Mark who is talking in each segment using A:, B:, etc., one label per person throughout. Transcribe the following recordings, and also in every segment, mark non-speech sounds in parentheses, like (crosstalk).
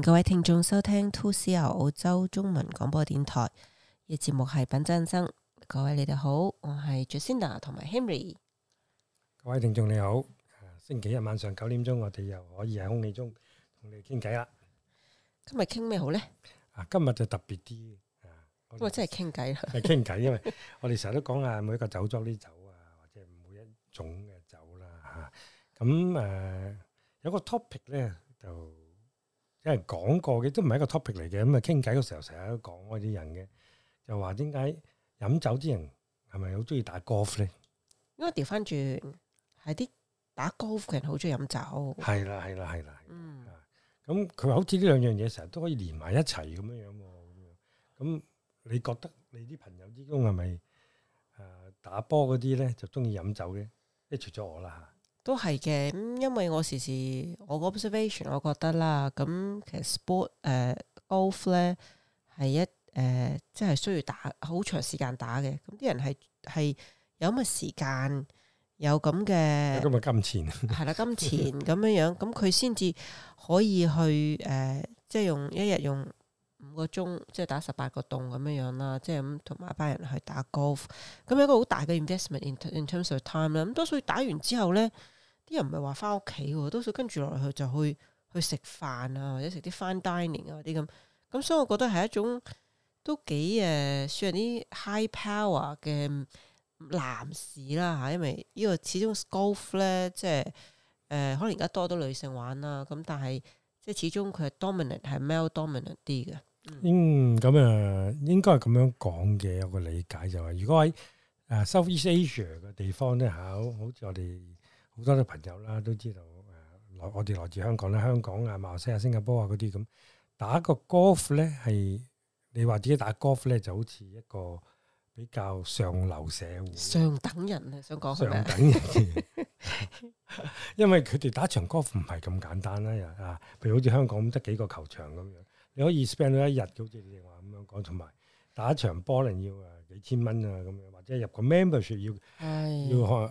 A: 各位聽眾收聽 2CR 澳洲中文廣播電台嘅節目係品酒人生，各位你哋好，我係 Jacinda 同埋 Henry。
B: 各位聽眾你好，星期一晚上九點鐘我哋又可以喺空氣中同你哋傾偈啦。
A: 今日傾咩好咧？
B: 啊，今日就特別啲啊！哇，真
A: 係傾偈啦，係傾偈，因為
B: 我哋成日都講啊，每一個酒莊啲酒啊，或者每一種嘅酒啦吓。咁誒，有個 topic 咧就。有人講過嘅，都唔係一個 topic 嚟嘅，咁啊傾偈嘅時候成日都講嗰啲人嘅，就話點解飲酒啲人係咪好中意打 golf 咧？應
A: 該調翻轉係啲打 golf 嘅人好中意飲酒。係
B: 啦，係啦，係啦，嗯。咁佢話好似呢兩樣嘢成日都可以連埋一齊咁樣樣、啊、喎。咁你覺得你啲朋友之中係咪誒打波嗰啲咧就中意飲酒嘅？一、啊、除咗我啦嚇。
A: 都係嘅，咁因為我時時我個 observation，我覺得啦，咁其實 sport 誒、呃、golf 咧係一誒，即、呃、係、就是、需要打好長時間打嘅，咁啲人係係有咁嘅時間，有咁嘅咁嘅金錢，係啦金錢咁樣樣，咁佢先至可以去誒、呃就是，即係用一日用五個鐘，即係打十八個洞咁樣樣啦，即係同埋一班人去打 golf，咁有一個好大嘅 investment in in terms of time 啦，咁多數打完之後咧。啲人唔係話翻屋企喎，多數跟住落去就去去食飯啊，或者食啲 fine dining 啊啲咁。咁、嗯、所以我覺得係一種都幾誒、呃、算係啲 high power 嘅男士啦嚇，因為呢個始終 golf 咧，即係誒、呃、可能而家多咗女性玩啦。咁但係即係始終佢係 dominant，係 male dominant 啲嘅。嗯，
B: 咁啊、嗯嗯嗯、應該係咁樣講嘅，有個理解就係、是、如果喺誒 South East Asia 嘅地方咧嚇，好似我哋，好多嘅朋友啦，都知道，誒、呃，來我哋來自香港啦，香港啊、馬來西亞、新加坡啊嗰啲咁打個 golf 咧，係你話自己打 golf 咧，就好似一個比較上流社會，上等
A: 人啊，想講係咪？上等人，等人
B: (laughs) 因為佢哋打場 golf 唔係咁簡單啦，又啊，譬如好似香港得幾個球場咁樣，你可以 spend 到一日，好似你哋話咁樣講，同埋打一場 bowling 要啊幾千蚊啊咁樣，或者入個 membership 要
A: 是要開。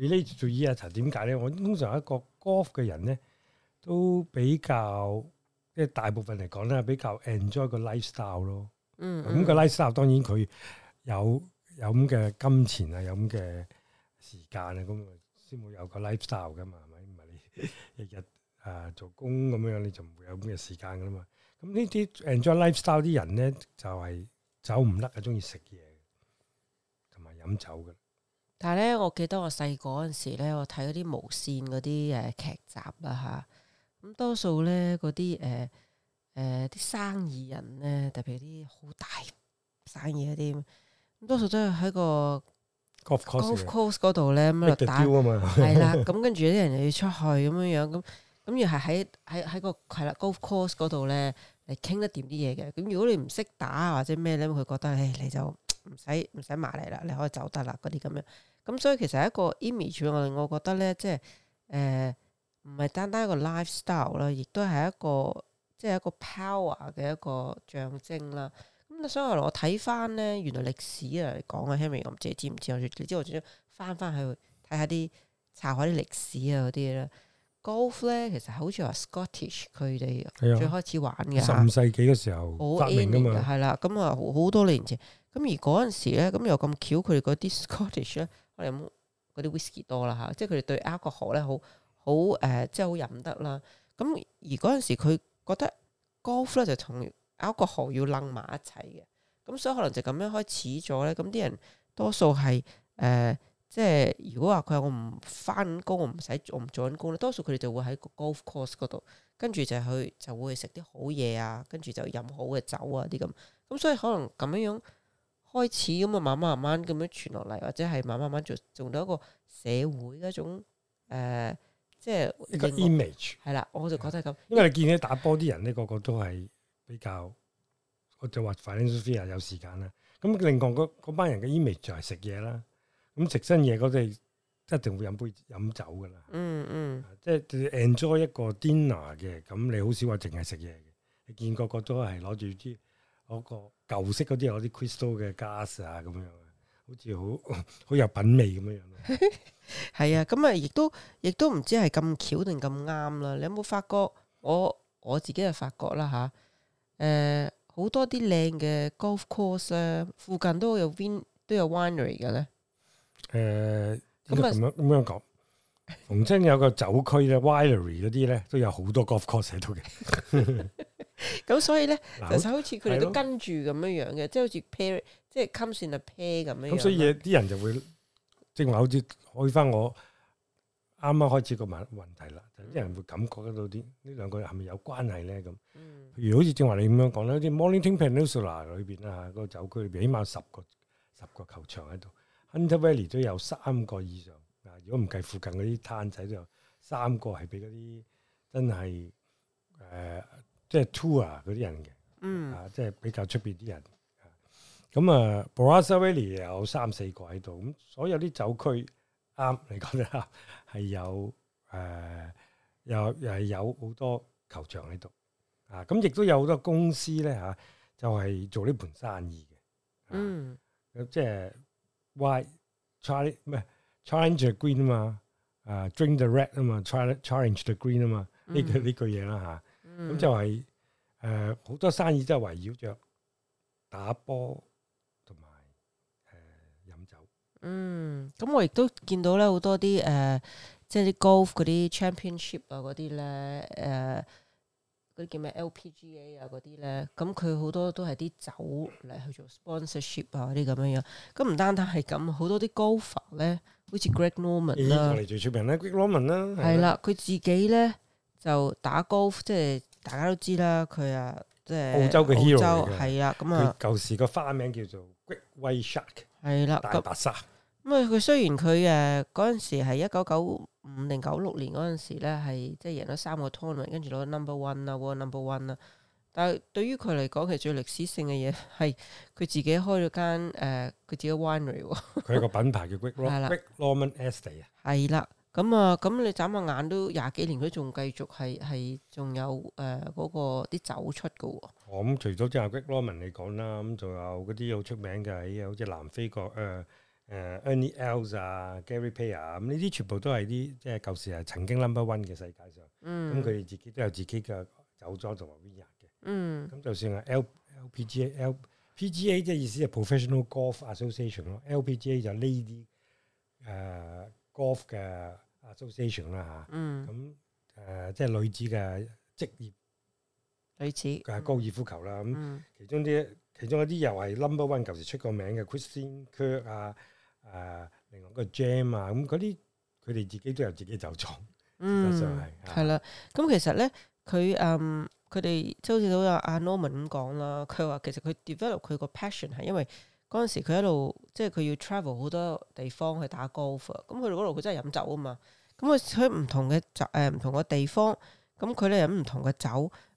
B: related 做耳壓頭點解咧？我通常一個 golf 嘅人咧，都比較即係大部分嚟講咧，比較 enjoy 個 lifestyle 咯。嗯，咁個 lifestyle 當然佢有有咁嘅金錢啊，有咁嘅時間啊，咁啊先會有個 lifestyle 噶嘛，係咪？唔係你日日啊做工咁樣，你就唔會有咁嘅時間噶啦嘛。咁呢啲 enjoy lifestyle 啲人咧，就係走唔甩啊，鍾意食嘢同埋飲酒嘅。
A: 但係咧，我記得我細個嗰陣時咧，我睇嗰啲無綫嗰啲誒劇集啦吓，咁多數咧嗰啲誒誒啲生意人咧，特別啲好大生意嗰啲，咁多數都係喺個 golf course golf course 嗰度咧咁嚟打，係 the 啦，咁 (laughs) 跟住啲人又要出去咁樣樣，咁咁又係喺喺喺個係啦 golf course 嗰度咧嚟傾得掂啲嘢嘅。咁如果你唔識打或者咩咧，佢覺得誒、欸、你就。唔使唔使埋嚟啦，你可以走得啦，嗰啲咁樣。咁所以其實一個 image，我我覺得咧，即係誒，唔、呃、係單單一個 lifestyle 啦，亦都係一個即係一個 power 嘅一個象徵啦。咁所以原來我睇翻咧，原來歷史嚟講啊，Henry，我唔知你知唔知，我知我仲要翻翻去睇下啲查下啲歷史啊嗰啲啦。Golf 咧，其實好似話 Scottish 佢哋最開始玩嘅，十五、啊、世紀嘅時候發明噶嘛，係、啊、啦，咁啊好多年前。咁而嗰陣時咧，咁又咁巧，佢哋嗰啲 Scottish 咧，可能嗰啲 whisky e 多啦嚇，即係佢哋對 alcohol 咧好好誒、呃，即係好飲得啦。咁而嗰陣時，佢覺得 golf 咧就同 alcohol 要楞埋一齊嘅，咁所以可能就咁樣開始咗咧。咁啲人多數係誒、呃，即係如果話佢話我唔返工，我唔使我唔做緊工咧，多數佢哋就會喺個 golf course 嗰度，跟住就去就會食啲好嘢啊，跟住就飲好嘅酒啊啲咁。咁所以可能咁樣樣。開始咁啊，慢慢慢慢咁樣傳落嚟，或者係慢慢慢做做到一個社會一種誒、呃，即係一個 image。係啦，我就覺得係咁。因為你見啲打波
B: 啲人咧，個個為都係比較，我就話 financial 有時間啦。咁另外嗰班人嘅 image 就係食嘢啦。咁食新嘢嗰陣，一定會飲杯飲酒噶啦、嗯。嗯嗯、啊，即係 enjoy 一個 dinner 嘅，咁你好少話淨係食嘢嘅。你見個個都係攞住啲。嗰個舊式嗰啲有啲 crystal 嘅 glass 啊，咁樣好似好好有品味咁樣樣。
A: 係 (laughs) 啊，咁啊，亦都亦都唔知係咁巧定咁啱啦。你有冇發覺，我我自己又發覺啦吓，誒，好多啲靚嘅 golf course 啊，呃、course, 附近都有 win 都有 winery 嘅咧。
B: 誒、呃，咁樣咁就樣講，紅清 (laughs) 有個酒區咧，winery 嗰啲咧都有好多 golf course 喺度嘅。
A: 咁 (laughs) 所以咧，就好似佢哋都跟住咁樣樣嘅，即係好似 pair，即係 come in a pair 咁樣。咁所以
B: 啲人就會正話，好似開翻我啱啱開始個問問題啦，嗯、就啲人會感覺得到啲呢兩個係咪有關係咧咁？嗯，譬如好似正話你咁樣講咧，好似 Mornington Peninsula 裏邊啊，個酒區裏邊起碼十個十個球場喺度，Hunter Valley 都有三個以上啊。如果唔計附近嗰啲攤仔，都有三個係俾嗰啲真係誒。呃即係 tour、嗯、啊，嗰啲人嘅，啊，即係比較出邊啲人。咁啊，Barossa Valley 有三四個喺度，咁所有啲酒區啱你講得？啱、嗯，係有誒、呃，又又係有好多球場喺度。啊，咁、嗯、亦都有好多公司咧嚇、啊，就係、是、做呢盤生意嘅。啊、嗯，咁即係 why try Ch 咩？Challenge the green 嘛、啊，啊，drink the red 嘛、啊、challenge the green 嘛、啊，呢個呢個嘢啦嚇。 (laughs) 咁、 (music) 嗯、就係誒好多生意都係圍繞着打波同埋
A: 誒飲酒。嗯，咁我亦都見到咧好多啲誒、呃，即係啲 golf 嗰啲 championship 啊嗰啲咧誒，嗰、呃、啲叫咩 LPGA 啊嗰啲咧，咁佢好多都係啲酒嚟去做 sponsorship 啊嗰啲咁樣樣。咁唔單單係咁，好多啲 golfer 咧，好似 Greg Norman、哎、啦，我哋最
B: 出名咧 Greg Norman 啦，係啦，
A: 佢自己咧。就打 golf，即係大家都知啦，佢啊，即係，澳洲嘅 hero，係啊，咁啊，佢
B: 舊時個花名叫做 Great White Shark，係啦，大白鯊。
A: 咁啊，佢雖然佢誒嗰陣時係一九九五零九六年嗰陣時咧，係即係贏咗三個湯啊，跟住攞 number one 啦，number one 啦。但係對於佢嚟講，其實最歷史性嘅嘢係佢自己開咗間誒，佢自己 winery。佢個品牌叫 Greg Greg Norman Estate 啊。係啦。咁啊，咁你眨下眼都廿幾年，佢仲繼續係係仲有誒嗰個啲走出噶喎。
B: 哦，咁除咗 Greg Norman 你講啦，咁仲有嗰啲好出名嘅喺，好似南非國誒誒 Ernie Els 啊、Gary Player 咁呢啲，全部都係啲即係舊時係曾經 number one 嘅世界上。嗯。咁佢哋自己都有自己嘅酒莊同埋 winery 嘅。嗯。咁就算係 L LPGA LPGA 即係意思係 Professional Golf Association 咯，LPGA 就 Lady 誒。Golf 嘅 Association 啦嚇、嗯，咁誒、呃、即係女子嘅職業女子佢係高爾夫球啦，咁其中啲其中一啲又係 Number One 舊時出過名嘅 Christine Kerr 啊，誒、啊、另外個 Jam 啊，咁嗰啲佢哋
A: 自己都有自己走藏、嗯，嗯，係啦，咁其實咧佢嗯佢哋即好似到阿 Norman 咁講啦，佢話其實佢 develop 佢個 passion 係因為。嗰陣時佢一路即係佢要 travel 好多地方去打 golf 啊，咁佢到嗰度佢真係飲酒啊嘛，咁佢去唔同嘅酒，誒、呃、唔同嘅地方，咁佢咧飲唔同嘅酒，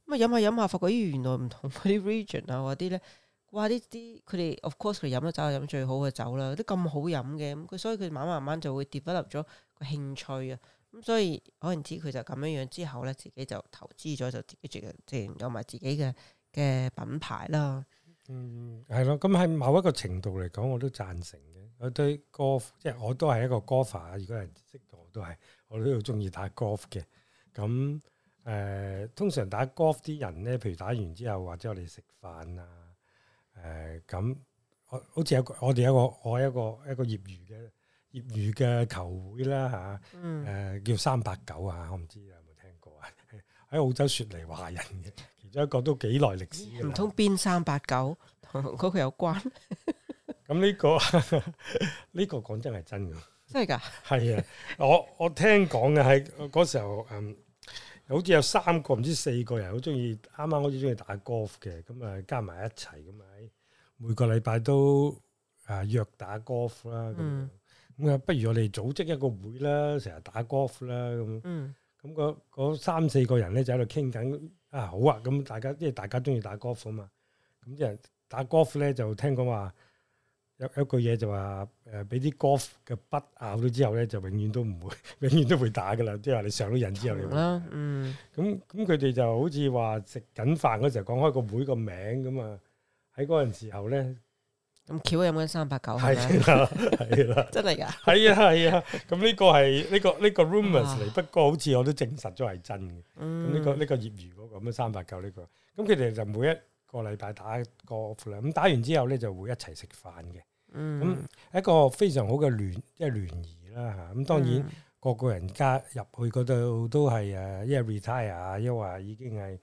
A: 咁啊飲下飲下，發覺咦原來唔同嗰啲 region 啊或啲咧，哇呢啲佢哋 of course 佢飲咗酒係飲最好嘅酒啦，啲咁好飲嘅，咁佢所以佢慢慢慢慢就會 develop 咗個興趣啊，咁所以可能知佢就咁樣樣之後咧，自己就投資咗就自己嘅即係有埋自己
B: 嘅嘅品牌啦。嗯，係咯，咁喺某一個程度嚟講，我都贊成嘅。我對 golf，即係我都係一個 golfer 啊。如果人識我都係我都要中意打 golf 嘅。咁誒、呃，通常打 golf 啲人咧，譬如打完之後或者我哋食飯啊，誒、呃，咁我好似有個我哋有個我一個一個業餘嘅業餘嘅球會啦吓，誒、啊嗯啊、叫三八九啊，我唔知你有冇聽過啊？喺 (laughs) 澳洲雪梨華人嘅。有一個都幾耐歷史，唔通邊三八九同嗰個有關？咁 (laughs) 呢、嗯這個呢、這個講真係真嘅， (laughs) 真係噶？係啊，我我聽講嘅係嗰時候，嗯，好似有三個唔知四個人剛剛好中意，啱啱好似中意打 golf 嘅，咁啊加埋一齊咁，每個禮拜都啊約打 golf 啦，咁咁啊，嗯、不如我哋組織一個會啦，成日打 golf 啦，咁，咁嗰、嗯那個、三四個人咧就喺度傾緊。啊好啊，咁大家即係大家中意打 golf 嘛，咁即係打 golf 呢就聽講話有有句嘢就話誒，俾、呃、啲 golf 嘅筆咬咗之後咧，就永遠都唔會，永遠都會打㗎啦。即係話你上咗癮之後你，咁咁佢哋就好似話食緊飯嗰時候講開個會個名咁啊，喺嗰陣時候咧。
A: 咁巧有冇得三百
B: 九？係啦，係啦， (laughs) 真係噶嗎？係啊，係啊。咁呢個係呢、這個呢、這個 rumors 嚟，啊、不過好似我都證實咗係真嘅。咁呢、嗯這個呢、這個業餘嗰個咁樣三百九呢個，咁佢哋就每一個禮拜打個 golf，咁打完之後咧就會一齊食飯嘅。
A: 咁、
B: 嗯、一個非常好嘅聯即係聯誼啦。吓、就、咁、是啊、當然個、嗯、個人加入去嗰度都係誒，因為 retire 啊，因為已經係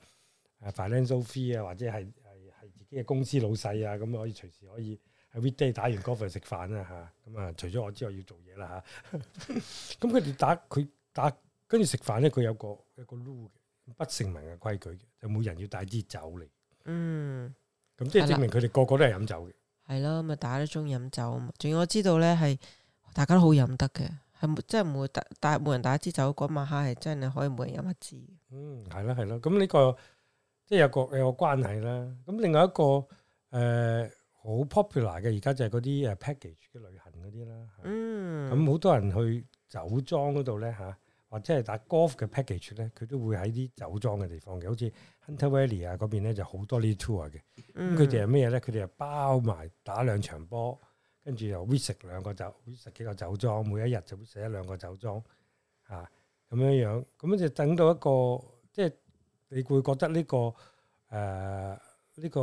B: financial free 啊，或者係係係自己嘅公司老細啊，咁可以隨時可以。喺 weekday 打完高爾夫食飯啦吓，咁啊，啊除咗我之外要做嘢啦吓，咁佢哋打佢打跟住食飯咧，佢有個有個 rule 嘅，不成文嘅規矩嘅，就是，每人要帶支酒嚟。
A: 嗯，
B: 咁即係證明佢哋個個都係飲酒嘅。
A: 係咯，咁啊打咗鐘飲酒啊嘛，仲要我知道咧係大家都好飲得嘅，係即係唔會帶帶每人打一支酒嗰晚黑係真係可以每人飲一支。嗯，係啦係啦，咁呢個
B: 即係有個有個關係啦。咁另外一個誒。呃好 popular 嘅而家就係嗰啲誒 package 嘅旅行嗰啲啦，咁好多人去酒莊嗰度咧嚇，或者係打 golf 嘅 package 咧，佢都會喺啲酒莊嘅地方嘅，好似 Hunter Valley 啊嗰邊咧就好多呢啲 tour 嘅，咁佢哋係咩嘢咧？佢哋係包埋打兩場波，跟住又 visit 兩個酒，visit 幾個酒莊，每一日就 visit 一兩個酒莊，嚇咁樣樣，咁樣就等到一個，即係你會覺得呢個誒。呢個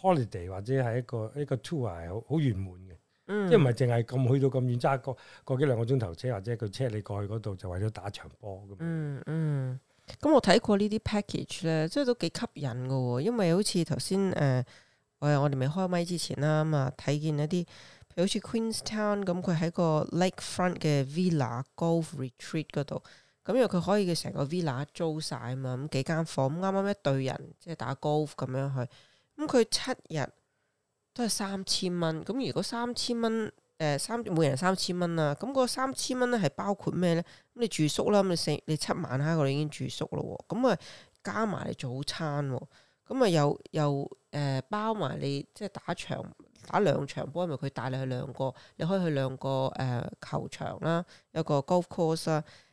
B: holiday 或者係一個一個 tour 係好好圓滿嘅，即係唔係淨係咁去到咁遠揸個個幾兩個鐘頭車或者個車你過去嗰度就為咗打場波咁、嗯。嗯嗯，
A: 咁我睇過呢啲 package 咧，即係都幾吸引㗎喎，因為好似頭先誒，我哋未開麥之前啦咁啊，睇見一啲，譬如好似 Queenstown 咁，佢喺個 lakefront 嘅 villa golf retreat 嗰度。咁因為佢可以嘅，成個 villa 租晒啊嘛，咁幾間房，咁啱啱一隊人即係打 golf 咁樣去，咁佢七日都係三千蚊。咁如果三千蚊，誒、呃、三每人三千蚊啊，咁嗰三千蚊咧係包括咩咧？咁你住宿啦，咁你四你七晚啦，佢已經住宿咯。咁、嗯、啊加埋你早餐，咁、嗯、啊又又誒、呃、包埋你即係打場打兩場波，因為佢帶你去兩個，你可以去兩個誒、呃、球場啦，有個 golf course 啦。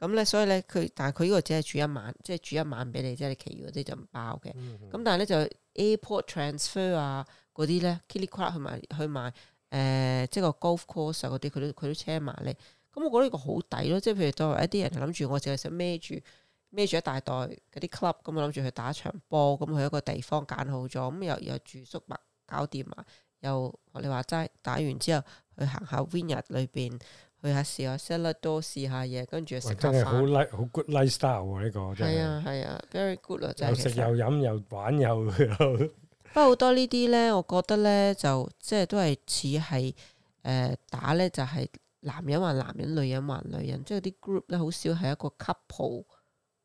A: 咁咧，所以咧，佢但係佢呢個只係住一晚，即係住一晚俾你，即係你其餘嗰啲就唔包嘅。咁、嗯、哼但係咧就 airport transfer 啊，嗰啲咧，kilik club 去埋去埋，誒、呃，即係個 golf course 嗰啲，佢都佢都車埋你。咁我覺得呢個好抵咯，即係譬如作為一啲人諗住，我淨係想孭住孭住一大袋嗰啲 club，咁我諗住去打一場波，咁、嗯、去一個地方揀好咗，咁、嗯、又又住宿物搞掂啊，又你話齋打完之後去行下 vineyard 裏邊。去下試下 sell 得多試下嘢，跟住食飯。真係
B: 好 good lifestyle 喎、啊！呢個真係啊，係啊，very good 咯，就係食又飲又玩又
A: 不過好多呢啲咧，我覺得咧就即係都係似係誒打咧，就係、呃就係、男人還男人，女人還女人，即係啲 group 咧好少係一個 couple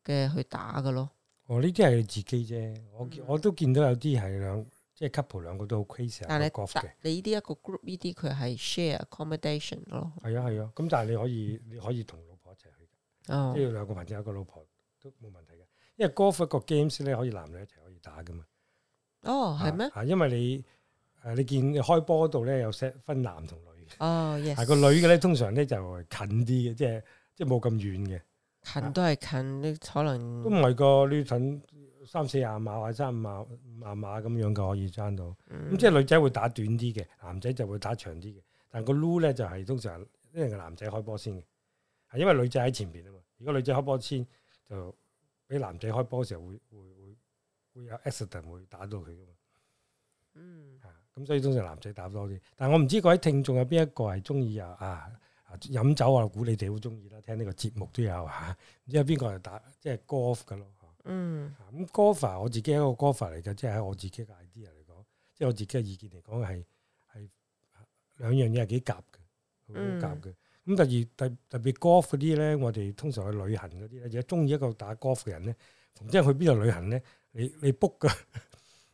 A: 嘅去打嘅咯。
B: 哦，呢啲係自己啫，我我都見到有啲係兩。即係 couple 兩個都好 crazy 個 golf 嘅，
A: 你呢啲一個 group 呢啲佢係 share accommodation 咯。
B: 係啊係啊，咁但係你可以你可以同老婆一齊去，即係兩個朋友有個老婆都冇問題嘅，因為 golf 個 games 咧可以男女一齊可以打噶嘛。哦，係咩？啊，因為你誒，你見開波度咧有 set 分男同女
A: 嘅。哦，yes。係個女嘅咧，
B: 通常咧就近啲嘅，即係即係冇咁遠嘅。
A: 近都係近，你可能都唔係
B: 噶，你近，
A: 三四廿碼或者三五
B: 廿碼咁樣嘅可以爭到，咁、嗯、即係女仔會打短啲嘅，男仔就會打長啲嘅。但個 l o 咧就係、是、通常一定係男仔開波先嘅，因為女仔喺前邊啊嘛。如果女仔開波先，就俾男仔開波嘅時候會會會會有 accident 會打到佢嘅嘛。咁、嗯啊嗯、所以通常男仔打多啲。但係我唔知各位聽眾有邊一個係中意啊啊飲酒啊估你哋好中意啦，聽呢個節目都有吓。唔知有邊個係打即係 golf 噶咯？就是嗯，咁 golfer 我自己一個 golfer 嚟嘅，即係喺我自己嘅 idea 嚟講，即係我自己嘅意見嚟講係係兩樣嘢係幾夾嘅，好夾嘅。咁第二特特別 golf 嗰啲咧，我哋通常去旅行嗰啲咧，而家中意一個打 golf 嘅人咧，逢親去邊度旅行咧，你你 book 嘅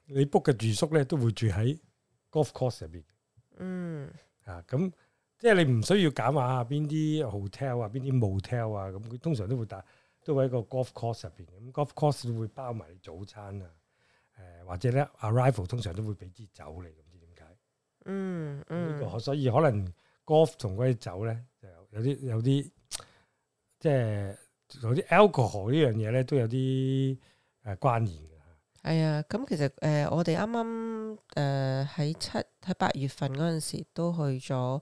B: 你 book 嘅住宿咧，都會住喺 golf course 入邊。嗯，啊咁即係你唔需要揀下邊啲 hotel 啊，邊啲 motel 啊，咁佢通常都會打。都喺個 golf course 入邊，咁 golf course 會包埋早餐啊，誒、呃、或者咧 arrival 通常都會俾支酒你，唔知點解、
A: 嗯？嗯嗯。所
B: 以可能 golf 同嗰啲酒咧就有啲有啲即係有啲 alcohol 呢樣嘢咧都有啲誒、呃、關聯嘅。
A: 係啊、哎，咁、嗯、其實誒、呃、我哋啱啱誒喺七喺八月份嗰陣時都去咗。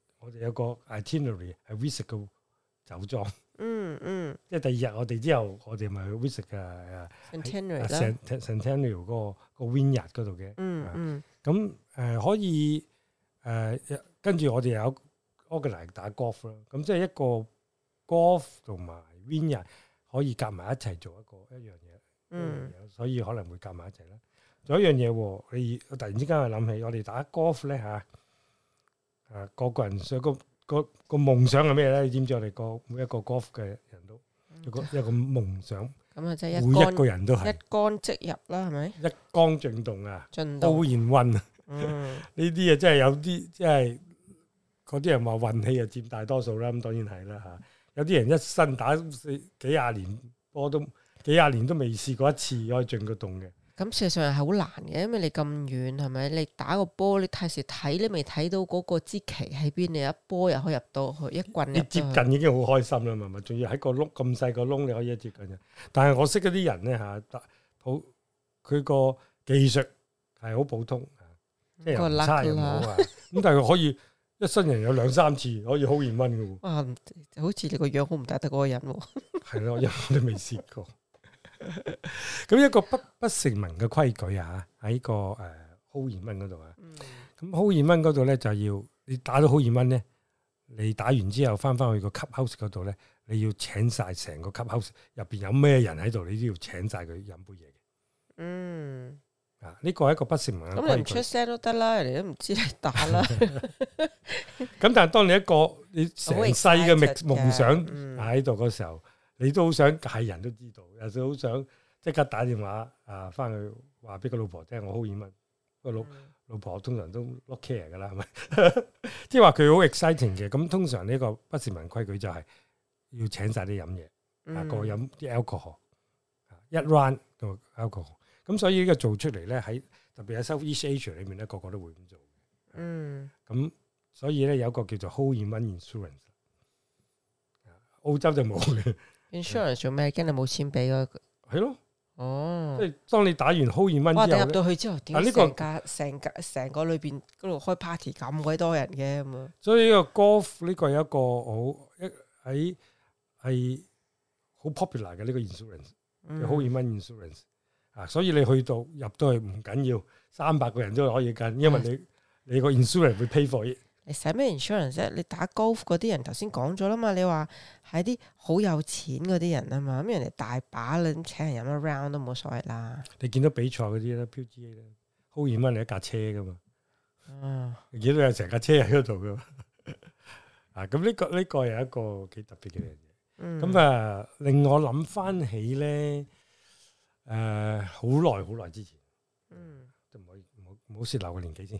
B: 我哋有個 itinerary 係 visit 個酒莊，嗯嗯，即係第二日我哋之後，我哋咪去 visit 嘅啊
A: ，Centennial 啦，成
B: Centennial 個個 vineyard 嗰度嘅，
A: 嗯
B: 嗯，咁誒可以誒，跟住我哋有 organize 打 golf 咯，咁即係一個 golf 同埋 vineyard 可以夾埋一齊做一個一樣嘢，嗯，所以可能會夾埋一齊啦。仲有一樣嘢，你突然之間我諗起，我哋打 golf 咧嚇。啊！個個人想個個個夢想係咩咧？你知唔知我哋個每一個 Golf 嘅人都有一個夢想。
A: 咁啊，即係每一個人都係一杆即入啦，係咪？
B: 一杆進洞啊！Hole in one 啊！呢啲啊，真係有啲即係嗰啲人話運氣啊，佔大多數啦。咁當然係啦嚇。有啲人一生打幾廿年波，都幾廿年都未試過一次可以進個洞嘅。
A: 咁事實上係好難嘅，因為你咁遠，係咪？你打個波，你太時睇你未睇到嗰個支旗喺邊，你一波又可以入到去一棍去。你接近已經好
B: 開心啦，咪咪，仲要喺個窿咁細個窿，你可以一接近。但係我識嗰啲人咧吓，好佢個技術係好普通，即
A: 係差好啊。咁
B: 了 (laughs) 但係佢可以一新人有兩三次可以好幸運
A: 嘅。哇，好似你樣個樣好唔打得過人。係咯，因為我
B: 都未試過。 (laughs) 咁 (laughs) 一個不不成文嘅規矩啊，喺個誒，hole in one 嗰度啊。咁 hole in one 嗰度咧，就要你打咗 hole in one 咧，你打完之後翻翻去個 club house 嗰度咧，你要請晒成個 club house 入邊有咩人喺度，你都要請晒佢
A: 飲杯嘢。嗯，啊、嗯，呢個係一個不成文咁，你唔出聲都得啦，人哋都唔知你打啦。
B: 咁但係當你一個你成世嘅 m 夢想喺度嗰時候。你都好想係人都知道，有時好想即刻打電話啊翻、呃、去話俾個老婆聽，就是、我 hole in one 個老老婆通常都 look care 噶啦，係咪？即係話佢好 exciting 嘅。咁通常呢個不成文規矩就係要請晒啲飲嘢，啊、嗯、個飲啲 alcohol，一 round 個 alcohol。咁所以呢個做出嚟咧，喺特別喺 South East Asia 裏面咧，個個都會咁做。嗯。咁所以咧有一個叫做 hole in one insurance，
A: 澳洲就冇嘅、嗯。 (laughs) Insurance 做咩？驚你冇錢俾咯？係咯，哦，即係
B: 當你打完 hole in one，哇！你入到去之後，但呢個
A: 家成家成個裏邊嗰度開 party 咁鬼多人嘅咁啊！
B: 所以呢個 golf 呢個係一個好一喺係好 popular 嘅呢個 insurance 叫 hole in oneinsurance 啊！所以你去到入到去唔緊要，三百個人都可以跟，因為你你個 insurance 會 pay for。
A: 你使咩 insurance 啫？你打 golf 嗰啲人頭先講咗啦嘛，你話係啲好有錢嗰啲人啊嘛，咁人哋大把啦，請人飲一 round 都冇所謂啦。
B: 你見到比賽嗰啲咧，PGA 咧，好遠乜你一架車噶嘛，
A: 嗯，
B: 見到有成架車喺嗰度噶， (laughs) 啊，咁呢、呢個呢、呢個又一個幾特別嘅嘢，咁、嗯、啊，令我諗翻起咧，誒、啊，好耐好耐之前，嗯都唔
A: 可以，都唔
B: 好唔好唔好泄漏個年紀先。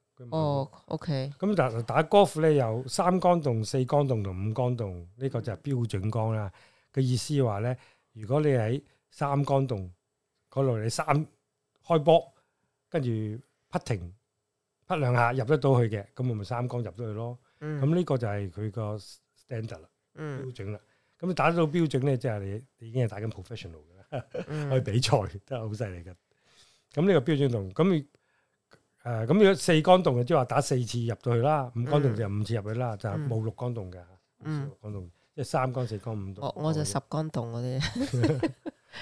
A: 哦、oh，OK。
B: 咁但係打高爾夫咧，有三杆洞、四杆洞同五杆洞，呢、這個就係標準杆啦。嘅意思話咧，如果你喺三杆洞嗰度你三開波，跟住扑停扑兩下入得到去嘅，咁我咪三杆入咗去咯。咁呢、嗯、個就係佢個 standard 啦，標準啦。咁、嗯、你打得到標準咧，即係你，你已經係打緊 professional 嘅啦，哈哈嗯、去比賽都係好犀利嘅。咁呢、這個標準洞咁。誒，咁、呃、如果四桿洞嘅，即係話打四次入到去啦；五桿洞就五次入去啦，就冇六桿洞嘅。嗯，桿洞、嗯、即係三桿、四桿、
A: 五。哦，我就十桿洞嗰啲。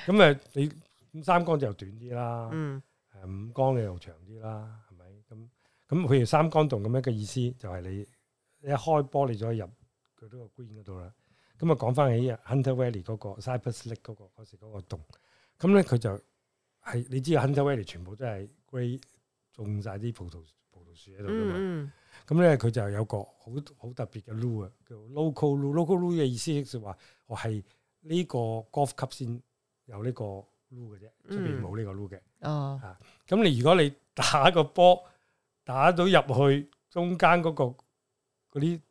B: 咁誒，你咁三桿就短啲啦。誒、嗯，五桿你又長啲啦，係咪？咁咁譬如三桿洞咁樣嘅意思就，就係你一開波、那個那個，你可以入佢呢個 green 嗰度啦。咁啊，講翻起 Hunter Valley 嗰個 Cypress Lake 嗰個嗰時嗰個洞，咁咧佢就係你知道 Hunter Valley 全部都係 grey。種晒啲葡萄葡萄樹喺度噶嘛，咁咧佢就有個好好特別嘅 loop 啊，叫 local loop，local loop 嘅意思就話我係呢個高爾夫級先有呢個 loop 嘅啫，出邊冇呢個 loop 嘅。哦，啊，咁你如果你打個波打到入去中間嗰、嗰個嗰啲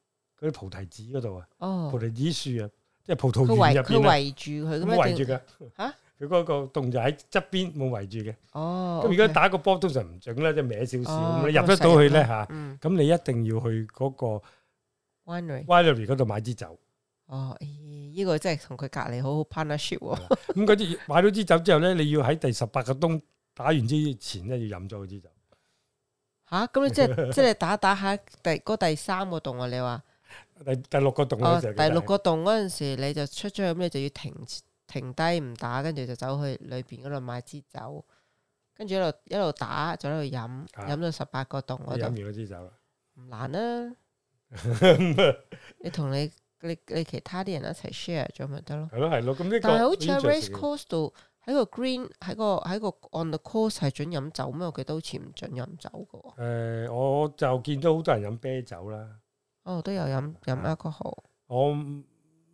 B: 啲菩提子嗰度啊，哦、菩提子樹啊，即係葡萄園入邊啊，圍住佢咁啊。佢嗰個洞就喺側邊冇圍住嘅，咁而家打個波通常唔準咧，即係歪少少。咁你入得到去咧吓，咁你一定要去嗰個 Winery、Winery 嗰度買支酒。
A: 哦，呢個真係同佢隔籬好好 partnership。咁
B: 嗰啲買咗支酒之後咧，你要喺第十八個洞打完之前咧，要飲咗支酒。
A: 吓，咁你即係即係打打下第嗰第三個洞啊？你話
B: 第第六個洞嗰時，第六個
A: 洞嗰陣時你就出咗去，咩就要停。停低唔打，跟住就走去裏邊嗰度買支酒，跟住一路一路打，就喺度飲，飲、啊、到十八個洞嗰度。飲完支酒啦，唔難啊！ (laughs) 你同你你你其他啲人一齊 share 咗咪得咯？係咯，係咯，咁但係好似喺 race course 度喺個 green 喺個喺個 on the course 係准飲酒咩？佢都好似唔准飲酒噶。誒、
B: 欸，我就見到好多人飲啤酒啦。
A: 哦，都有飲飲一個號。
B: 我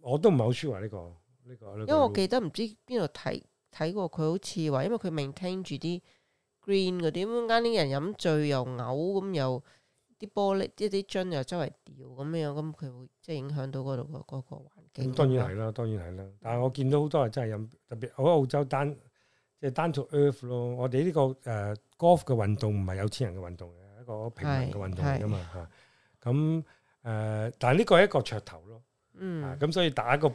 B: 我都唔係好 sure 呢個。呢因為我記
A: 得唔知邊度睇睇過佢好似話，因為佢 maintain 住啲 green 嗰啲，咁啱啲人飲醉又嘔咁，又啲玻璃即啲樽又周圍掉咁樣，咁佢會即係影響到嗰、那、度個嗰、那個環境。嗯、當然係
B: 啦，當然係啦。嗯、但係我見到好多人真係飲，特別喺澳洲單即係單 to earth 咯。我哋呢、這個誒、呃、golf 嘅運動唔係有錢人嘅運動，一個平民嘅運動嚟噶嘛吓。咁誒是是、啊，但係呢個係一個噱頭咯。嗯,嗯，咁所以打一個。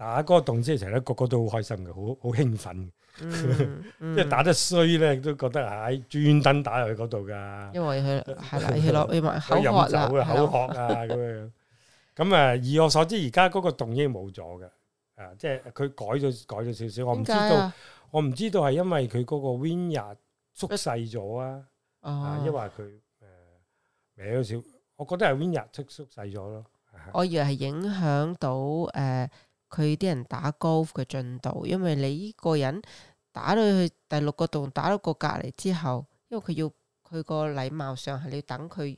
B: 打嗰個洞之後，成日咧個個都好開心嘅，好好興奮。
A: 即係、嗯嗯、 (laughs) 打
B: 得衰咧，都覺得唉，專、哎、登打入去嗰度噶。因為佢喺佢攞啲乜口渴啦，口渴 (laughs) 啊咁 (laughs) 樣。咁啊，以我所知，而家嗰個洞已經冇咗嘅。啊，即係佢改咗，改咗少少。我唔知道，我唔知道係因為佢嗰個 vineyard 縮細咗啊。
A: 哦，因為
B: 佢誒，呃、少，我覺得係 vineyard 縮縮細咗咯。我以為係
A: 影響到誒。呃呃佢啲人打 golf 嘅進度，因為你呢個人打到去第六個洞，打到個隔離之後，因為佢要佢個禮貌上係你要等佢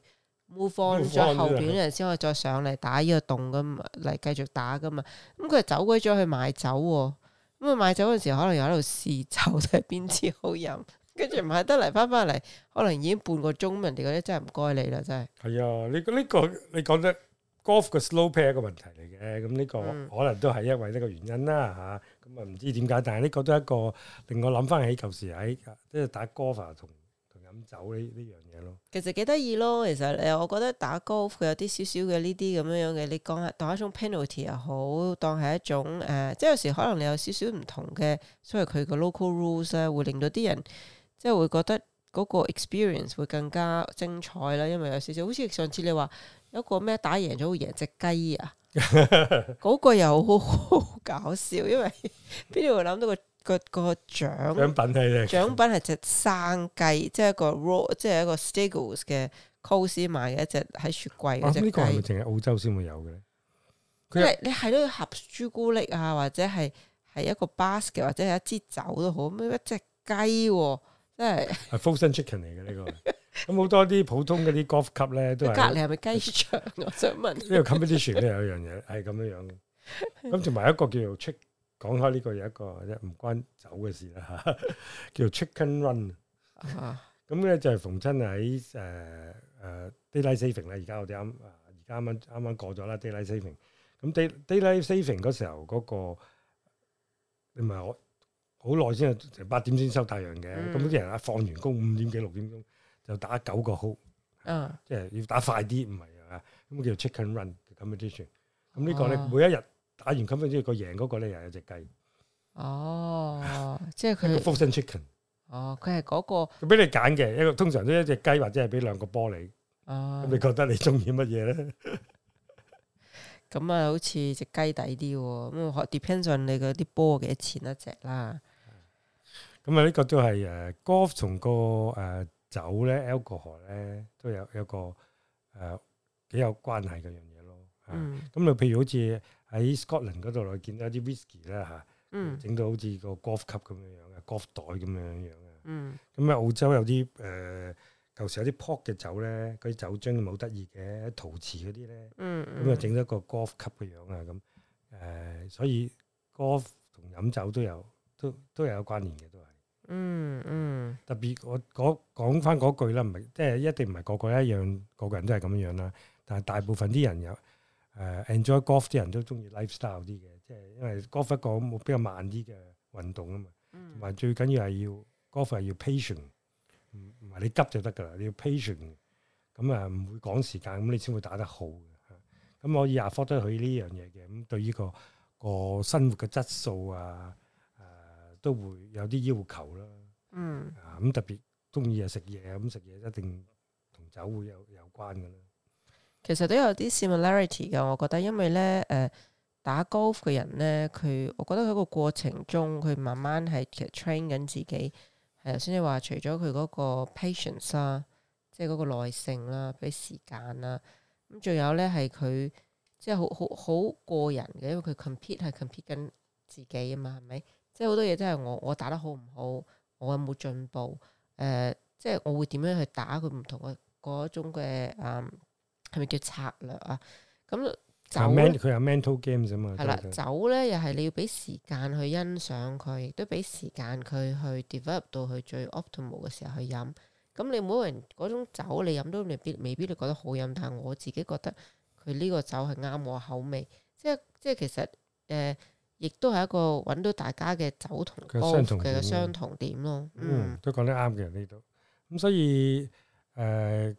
A: move on，再 Move on 後邊嘅人先可以再上嚟打呢個洞咁嚟繼續打噶嘛。咁、嗯、佢走鬼咗去買酒喎、哦，咁啊買酒嗰陣時可能又喺度試酒，睇邊支好飲，跟 (laughs) 住買得嚟翻返嚟，可能已經半個鐘，人哋嗰啲真係唔該你啦，真係。係啊，你
B: 呢、呢個你講得。Golf 嘅 slow pace 一個問題嚟嘅，咁呢個可能都係因為呢個原因啦嚇。咁啊唔知點解，但係呢個都係一個令我諗翻起舊時喺即係打 golf 同同飲酒呢呢樣嘢咯。其實幾得意咯，
A: 其實誒，我覺得打 golf 佢有啲少少嘅呢啲咁樣樣嘅，你講下，當一種 penalty 又好，當係一種誒、呃，即係有時可能你有少少唔同嘅，所以佢個 local rules 咧會令到啲人即係會覺得嗰個 experience 會更加精彩啦，因為有少少好似上次你話。有個咩打贏咗會贏隻雞啊！嗰 (laughs) 個又好好搞笑，因為邊度會諗到個個個獎獎品係咧？獎 (laughs) 品係隻生雞，即係一個羅，即係一個 Stagles 嘅 Coles 買嘅一隻喺雪櫃。哦，呢、啊、個咪
B: 淨係澳洲先會有嘅。
A: 佢係你係都要盒朱古力啊，或者係係一個 basket 或者係一支酒都好，咩？一隻雞喎、啊？真
B: 係，係 Frozen Chicken 嚟嘅呢個，
A: 咁好多啲普通嘅啲
B: Golf Cup 咧，都係隔
A: 籬係咪雞腸？我想問呢個 Competition 咧，有
B: 一樣嘢係咁樣樣嘅，咁同埋一個叫做 Chicken，講開呢個有一個啫，唔關酒嘅事啦吓，叫做 Chicken Run 啊。咁咧就係逢親喺誒誒 Daylight Saving 咧，而家我哋啱啊，而家啱啱啱啱過咗啦 Daylight Saving。咁 Daylight Saving 嗰時候嗰個唔係我。好耐先，成八點先收太陽嘅。咁啲、嗯、人一放完工五點幾六點鐘就打九個
A: hole，
B: 嗯，即係要打快啲，唔係啊。咁叫 chicken run 咁嘅 competition。咁呢個咧，每一日打完 competition 之後，個贏嗰個咧又有一隻雞。
A: 哦，即係佢。個福生
B: chicken。哦，佢係嗰個。佢俾你揀嘅，一個通常都一隻雞或者係俾兩個波你。
A: 哦。咁你覺得你
B: 中意乜嘢咧？
A: 咁 (laughs) 啊，好似隻雞抵啲喎。咁、嗯、我 depends on 你嗰啲波幾錢一隻啦。
B: 咁啊！呢個都係誒，Golf 同個誒酒咧，alcohol 咧，都有一個誒幾有關係嘅樣嘢咯。咁啊、嗯，譬如好似喺 Scotland 嗰度咧，見到一啲 Whisky 啦嚇，整到好似個 Golf 級咁樣樣嘅 Golf 袋咁樣樣嘅。咁啊、嗯，澳洲有啲誒舊時有啲 Port 嘅酒咧，嗰啲酒樽冇得意嘅，陶瓷嗰啲咧，咁啊整一個 Golf 級嘅樣啊，咁誒，所以 Golf 同飲酒都有都都，都有關聯嘅。嗯嗯，特別我講講翻嗰句啦，唔係即係一定唔係個個一樣，個個人都係咁樣啦。但係大部分啲人有誒 enjoy、呃、golf 啲人都中意 lifestyle 啲嘅，即係因為 golf 一個比較慢啲嘅運動啊嘛。同埋、嗯、最緊要係要 golf 係要 patience，唔唔係你急就得㗎啦，你要 patience、嗯。咁啊唔會趕時間，咁、嗯、你先會打得好。咁、嗯、可以 afford 得佢呢樣嘢嘅，咁、嗯、對於個個生活嘅質素啊，都會有啲要求啦，嗯，咁、啊、特別中意啊食嘢，咁食嘢一定同酒會有有關嘅啦。
A: 其實都有啲 similarity 㗎，我覺得，因為咧誒、呃、打 golf 嘅人咧，佢我覺得佢個過程中，佢慢慢係其實 train 緊自己，係頭先你話除咗佢嗰個 patience 啦、啊，即係嗰個耐性啦，俾時間啦，咁仲有咧係佢即係好好好過人嘅，因為佢 compete 係 compete 緊自己啊嘛，係咪？即係好多嘢都係我我打得好唔好，我有冇進步？誒、呃，即係我會點樣去打佢唔同嘅嗰種嘅誒，係、嗯、咪叫策略啊？咁酒佢
B: 有 mental games 啊嘛，係啦，
A: 酒咧又係你要俾時間去欣賞佢，亦都俾時間佢去 develop 到佢最 optimal 嘅時候去飲。咁、嗯、你每個人嗰種酒你飲都未必未必你覺得好飲，但係我自己覺得佢呢個酒係啱我口味。即係即係其實誒。呃亦都係一個揾到大家嘅酒同高爾夫嘅相同點咯、嗯嗯。嗯，
B: 都講得啱嘅呢度。咁所以誒，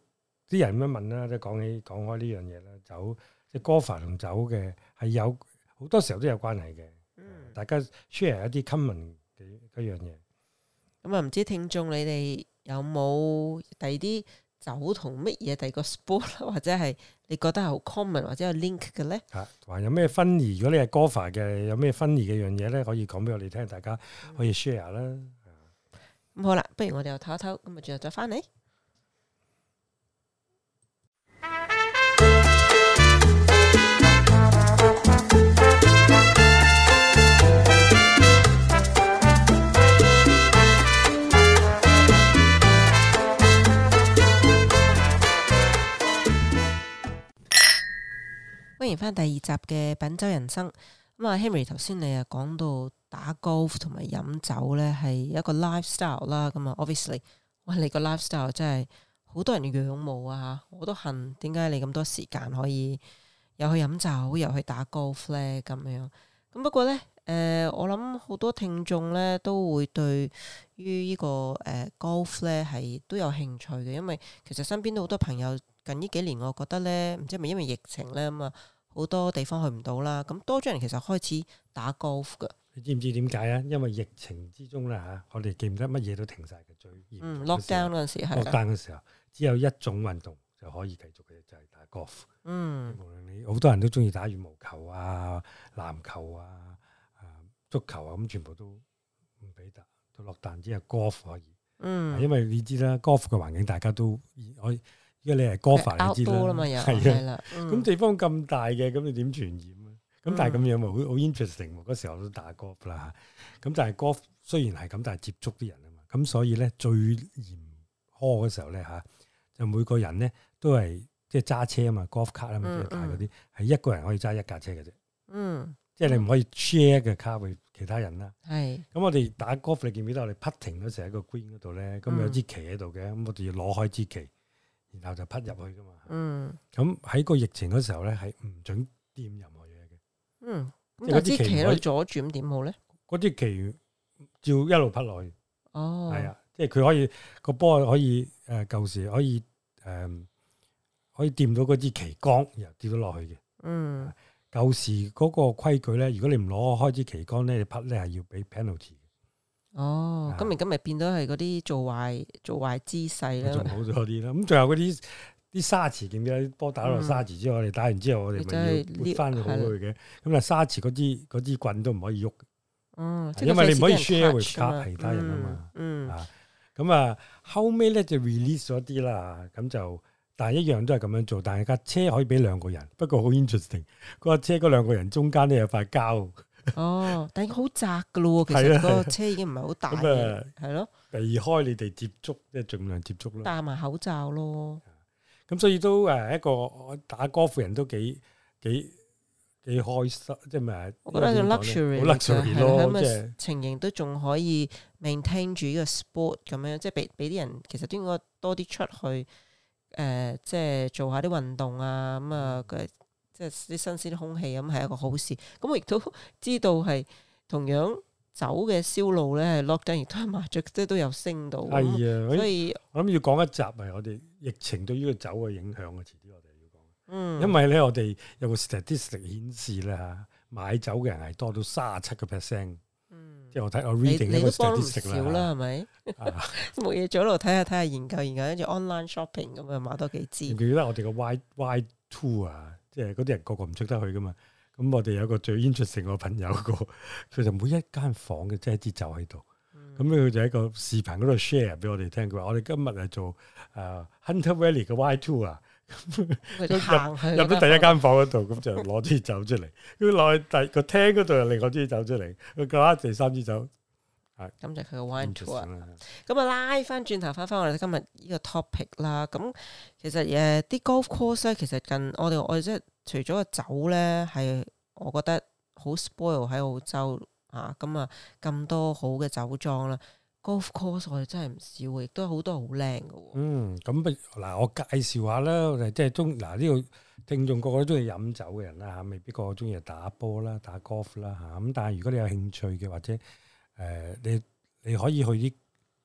B: 啲人咁樣問啦，即係講起講開呢樣嘢啦，酒即係高爾夫同酒嘅係有好多時候都有關係嘅、嗯嗯。嗯，大家 share 一啲 common 嘅一樣嘢。
A: 咁啊，唔知聽眾你哋有冇第二啲？酒同乜嘢第二個 sport 或者係你覺得係好 common 或者係 link 嘅咧？
B: 啊，還有咩分享？如果你係 golfer 嘅，有咩分享嘅樣嘢咧，可以講俾我哋聽，大家可以 share 啦。咁、
A: 嗯嗯、好啦，不如我哋又唞一唞，咁啊，轉頭再翻嚟。歡迎返第二集嘅品酒人生。咁啊，Henry 頭先你啊講到打 golf 同埋飲酒呢係一個 lifestyle 啦。咁啊，obviously，哇，你個 lifestyle 真係好多人仰慕啊！我都恨點解你咁多時間可以又去飲酒又去打 golf 呢？咁樣咁。不過呢，誒、呃，我諗好多聽眾呢都會對於、這個呃、呢個誒 golf 呢係都有興趣嘅，因為其實身邊都好多朋友近呢幾年，我覺得呢，唔知係咪因為疫情呢？咁、嗯、啊。好多地方去唔到啦，咁多啲人其實開始打 golf 噶。你知唔知點解啊？因為疫情之中咧嚇、
B: 啊，我哋記唔得乜嘢都停晒嘅。最嚴重落 down 嗰陣時，落 down 嗰時候，時候的只有一種運動就可以繼續嘅就係、是、打 golf。嗯，無論你好多人都中意打羽毛球啊、籃球啊、啊足球啊，咁全部都唔俾打。到落 down 只有 golf 可以。嗯，因為你知啦，golf 嘅環境大家都可以。因為你係 golf，你知啦，係啊，咁地方咁大嘅，咁你點傳染啊？咁但係咁樣啊，好好 interesting 喎！嗰時候都打 golf 啦，咁但係 golf 雖然係咁，但係接觸啲人啊嘛，咁所以咧最嚴苛嗰時候咧嚇，就每個人咧都係即係揸車啊嘛，golf car 啊嘛，即係大嗰啲，係一個人可以揸一架車嘅啫。嗯，即係你唔可以 share 嘅卡俾其他人啦。係。咁我哋打 golf 你見唔見得我哋 putting 嗰時喺個 green 嗰度咧？咁有支旗喺度嘅，咁我哋要攞開支旗。然後就匹入去
A: 噶嘛，嗯，
B: 咁喺個疫情嗰時候咧，係唔准掂任何嘢
A: 嘅，嗯，嗰支旗攞住咗住點好咧？
B: 嗰啲旗照一路匹落去，哦，係啊，即係佢可以、個波可以誒舊、呃、時可以誒、呃、可以掂到嗰支旗杆又跌咗落去嘅，嗯，舊、啊、時嗰個規矩咧，如果你唔攞開支旗杆咧，你匹咧係要俾 penalty。
A: 哦，咁而今日變咗係嗰啲做壞做壞姿勢啦，做，壞姿勢做好咗啲啦。咁仲有嗰啲啲沙池點
B: 咧？波打落沙池之後，我哋、嗯、打完之後，我哋咪要翻好去嘅。咁啊、嗯，的沙池嗰支，支棍都唔可以喐。哦、嗯，因為你唔可以 share with、嗯、其他人啊嘛。嗯，嗯啊，咁啊後尾咧就 release 咗啲啦。咁就但係一樣都係咁樣做。但係架車可以俾兩個人，不過好 interesting。嗰架車嗰兩個人中間咧有塊膠。
A: 哦，但係好窄噶咯，其實個車已經唔係好大嘅，係
B: 咯，避開你哋接觸，即係盡量接觸咯，戴
A: 埋口罩咯，咁所
B: 以都誒一個打高爾夫人都幾幾幾開心，即係咪？我覺得係 luxury，好 luxury 咯，喺咁嘅
A: 情形都仲可以 maintain 住呢個 sport 咁樣，即係俾俾啲人其實都應該多啲出去誒，即係做下啲運動啊，咁啊嘅。即係啲新鮮空氣咁，係一個好事。咁我亦都知道係同樣酒嘅銷路咧，係 lockdown 亦都係麻雀，即係都有升到。係啊、哎呀，所
B: 以我諗要講一集係我哋疫情對於個酒嘅影
A: 響啊。遲啲我哋要講。嗯。因
B: 為咧，我哋有個 statistics 顯示啦嚇，買酒嘅人係多到卅七個 percent。嗯。即係我睇我 reading 呢個 statistics 啦，係
A: 咪？冇嘢做。 (laughs) 一路睇下睇下研究研究，跟住 online shopping 咁啊買多幾支。記唔
B: 記得我哋個 y y two 啊？即係嗰啲人個個唔出得去噶嘛，咁、嗯、我哋有個最 i n t e r e s t i n g e 朋友個，佢就每一間房嘅即係節奏喺度。咁咧佢就喺個視頻嗰度 share 俾我哋聽，佢話我哋今日嚟做誒 Hunter Valley 嘅 Y2 啊，嗯、去去
A: 入入咗第一
B: 間房嗰度，咁就攞支酒出嚟，跟住攞去第個廳嗰度又另外支酒出嚟，佢攪一第三支酒。
A: 係，咁就佢嘅 wine tour 啦。咁啊，拉翻轉頭，翻翻我哋今日呢個 topic 啦。咁其實誒，啲 golf course 咧，其實近我哋我哋即係除咗個酒咧，係我覺得好 spoil 喺澳洲啊。咁啊，咁多好嘅酒莊啦，golf course 我哋真係唔少，亦都好多好靚嘅。嗯，
B: 咁不如嗱，我介紹下啦，我哋即係中嗱呢個聽眾個個都中意飲酒嘅人啦吓、啊，未必個個中意打波啦、打 golf 啦吓。咁、啊啊、但係如果你有興趣嘅或者。誒、呃，你你可以去啲誒、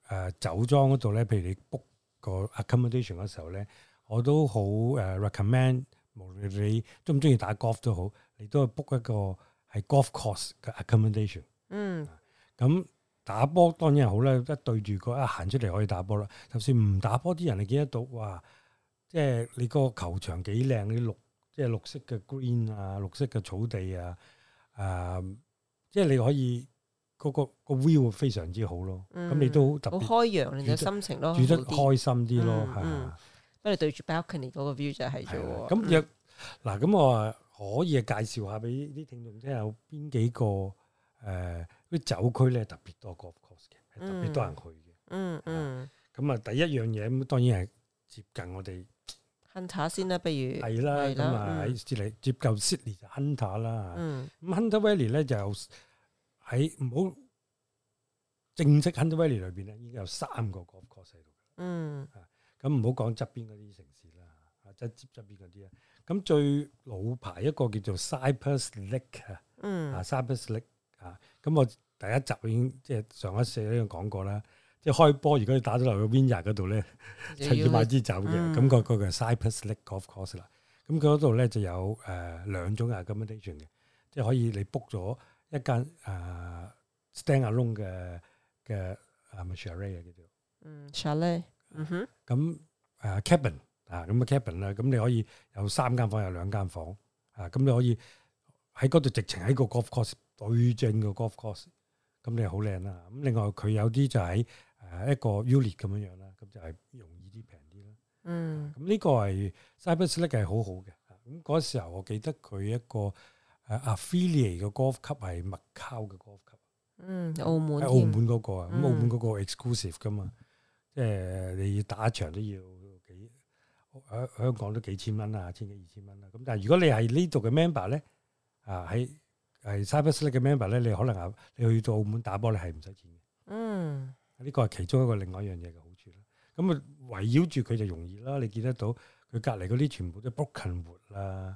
B: 呃、酒莊嗰度咧，譬如你 book 個 accommodation 嗰時候咧，我都好誒 recommend，無論你中唔中意打 golf 都好，你都係 book 一個係 golf course 嘅 accommodation。嗯，咁、啊、打波當然好啦，一對住個一行出嚟可以打波啦。就算唔打波，啲人你見得到，哇，即、就、係、是、你個球場幾靚，啲綠即係、就是、綠色嘅 green 啊，綠色嘅草地啊，誒、啊，即、就、係、是、你可以。嗰個個 view 會非常之好咯，咁你都好特別，好開揚你嘅心情咯，住得開心啲咯，係啊，
A: 不如對住 balcony 嗰個 view 就係咗喎。咁
B: 又嗱，咁我話可以啊，介紹下俾啲聽眾聽，有邊幾個誒啲酒區咧特別多個 golf course 嘅，特
A: 別多人去嘅。嗯嗯，
B: 咁啊第一樣嘢咁當然係接近我哋
A: hunter 先啦，不如係啦，咁啊喺
B: 接嚟接近 Sydney 就 hunter 啦，咁 hunter valley 咧就。喺唔好正式肯特威尼裏邊咧，已經有三個 golf course 喺度嘅。嗯。咁唔好講側邊嗰啲城市啦，即係側邊嗰啲啊。咁最老牌一個叫做 Cypress Lake、嗯、啊，啊 Cypress Lake 啊，咁我第一集已經即係上一次已經講過啦。即係開波，如果你打咗落去 Vina 嗰度咧，就要買支酒嘅。咁個個叫 Cypress Lake golf course 啦。咁佢嗰度咧就有誒兩種 recommendation 嘅，即係可以你 book 咗。一間誒 stand alone，嘅嘅誒 chalet 嘅，叫做嗯
A: ，chalet，嗯哼，
B: 咁誒 cabin 啊，咁嘅 cabin 咧，咁你可以有三間房，有兩間房啊，咁你可以喺嗰度直情，喺個 golf course，對正個 golf course，咁你又好靚啦。咁另外佢有啲就係誒一個 unit 咁樣樣啦，咁就係容易啲平啲啦。嗯，咁呢個係 service 咧係好好嘅。咁嗰時候我記得佢一個。Affiliate 嘅 golf club 係麥考嘅 golf club，嗯，
A: 澳門喺澳門嗰、嗰個啊，咁、嗯、澳門
B: 嗰個 exclusive 噶嘛，嗯、即係你要打一場都要幾香港都幾千蚊啦，千幾二千蚊啦。咁但係如果你係呢度嘅 member 咧，啊喺係 side business 嘅 member 咧，你可能啊你去到澳門打波你係唔使錢嘅。嗯，呢個係其中一個，另外一樣嘢嘅好處啦。咁啊，圍繞住佢就容易啦。你見得到佢隔離嗰啲全部都 book 緊活啦。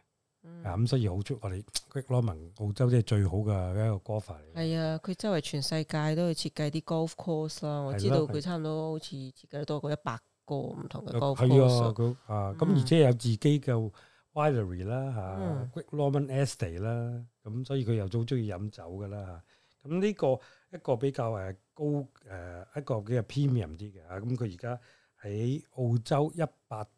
B: 咁、嗯、所以好出我哋 Greg Norman 澳洲即係最好嘅一個 Golf 嚟
A: 嘅。係啊，佢周圍全世界都去設計啲 Golf Course 啦。我知道佢差唔多好似設計多過一百個唔同嘅 Golf Course。係啊，佢啊、
B: 嗯，咁而且有自己嘅 Winery 啦、啊，吓 Greg Norman Estate 啦、啊，咁所以佢又好中意飲酒噶啦。吓，咁呢個一個比較誒高誒一個比較 Premium 啲嘅吓，咁佢而家喺澳洲一百嗯嗯嗯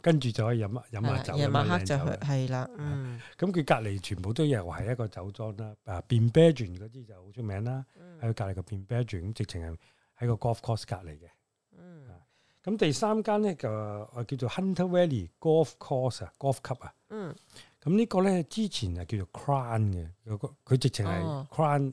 B: 跟住就可以飲下酒咁樣，夜晚黑就係啦。嗯，嗯，咁佢隔離全部都以為係一個酒莊啦。嗯、啊，便啤船嗰啲就好出名啦。喺佢隔離個便啤船，咁直情係喺個 golf course 隔離嘅。嗯，咁第三間咧就我叫做 Hunter Valley Golf Course，golf 啊 club 啊。嗯，咁呢個咧之前啊叫做 Crown 嘅，個佢直情係 Crown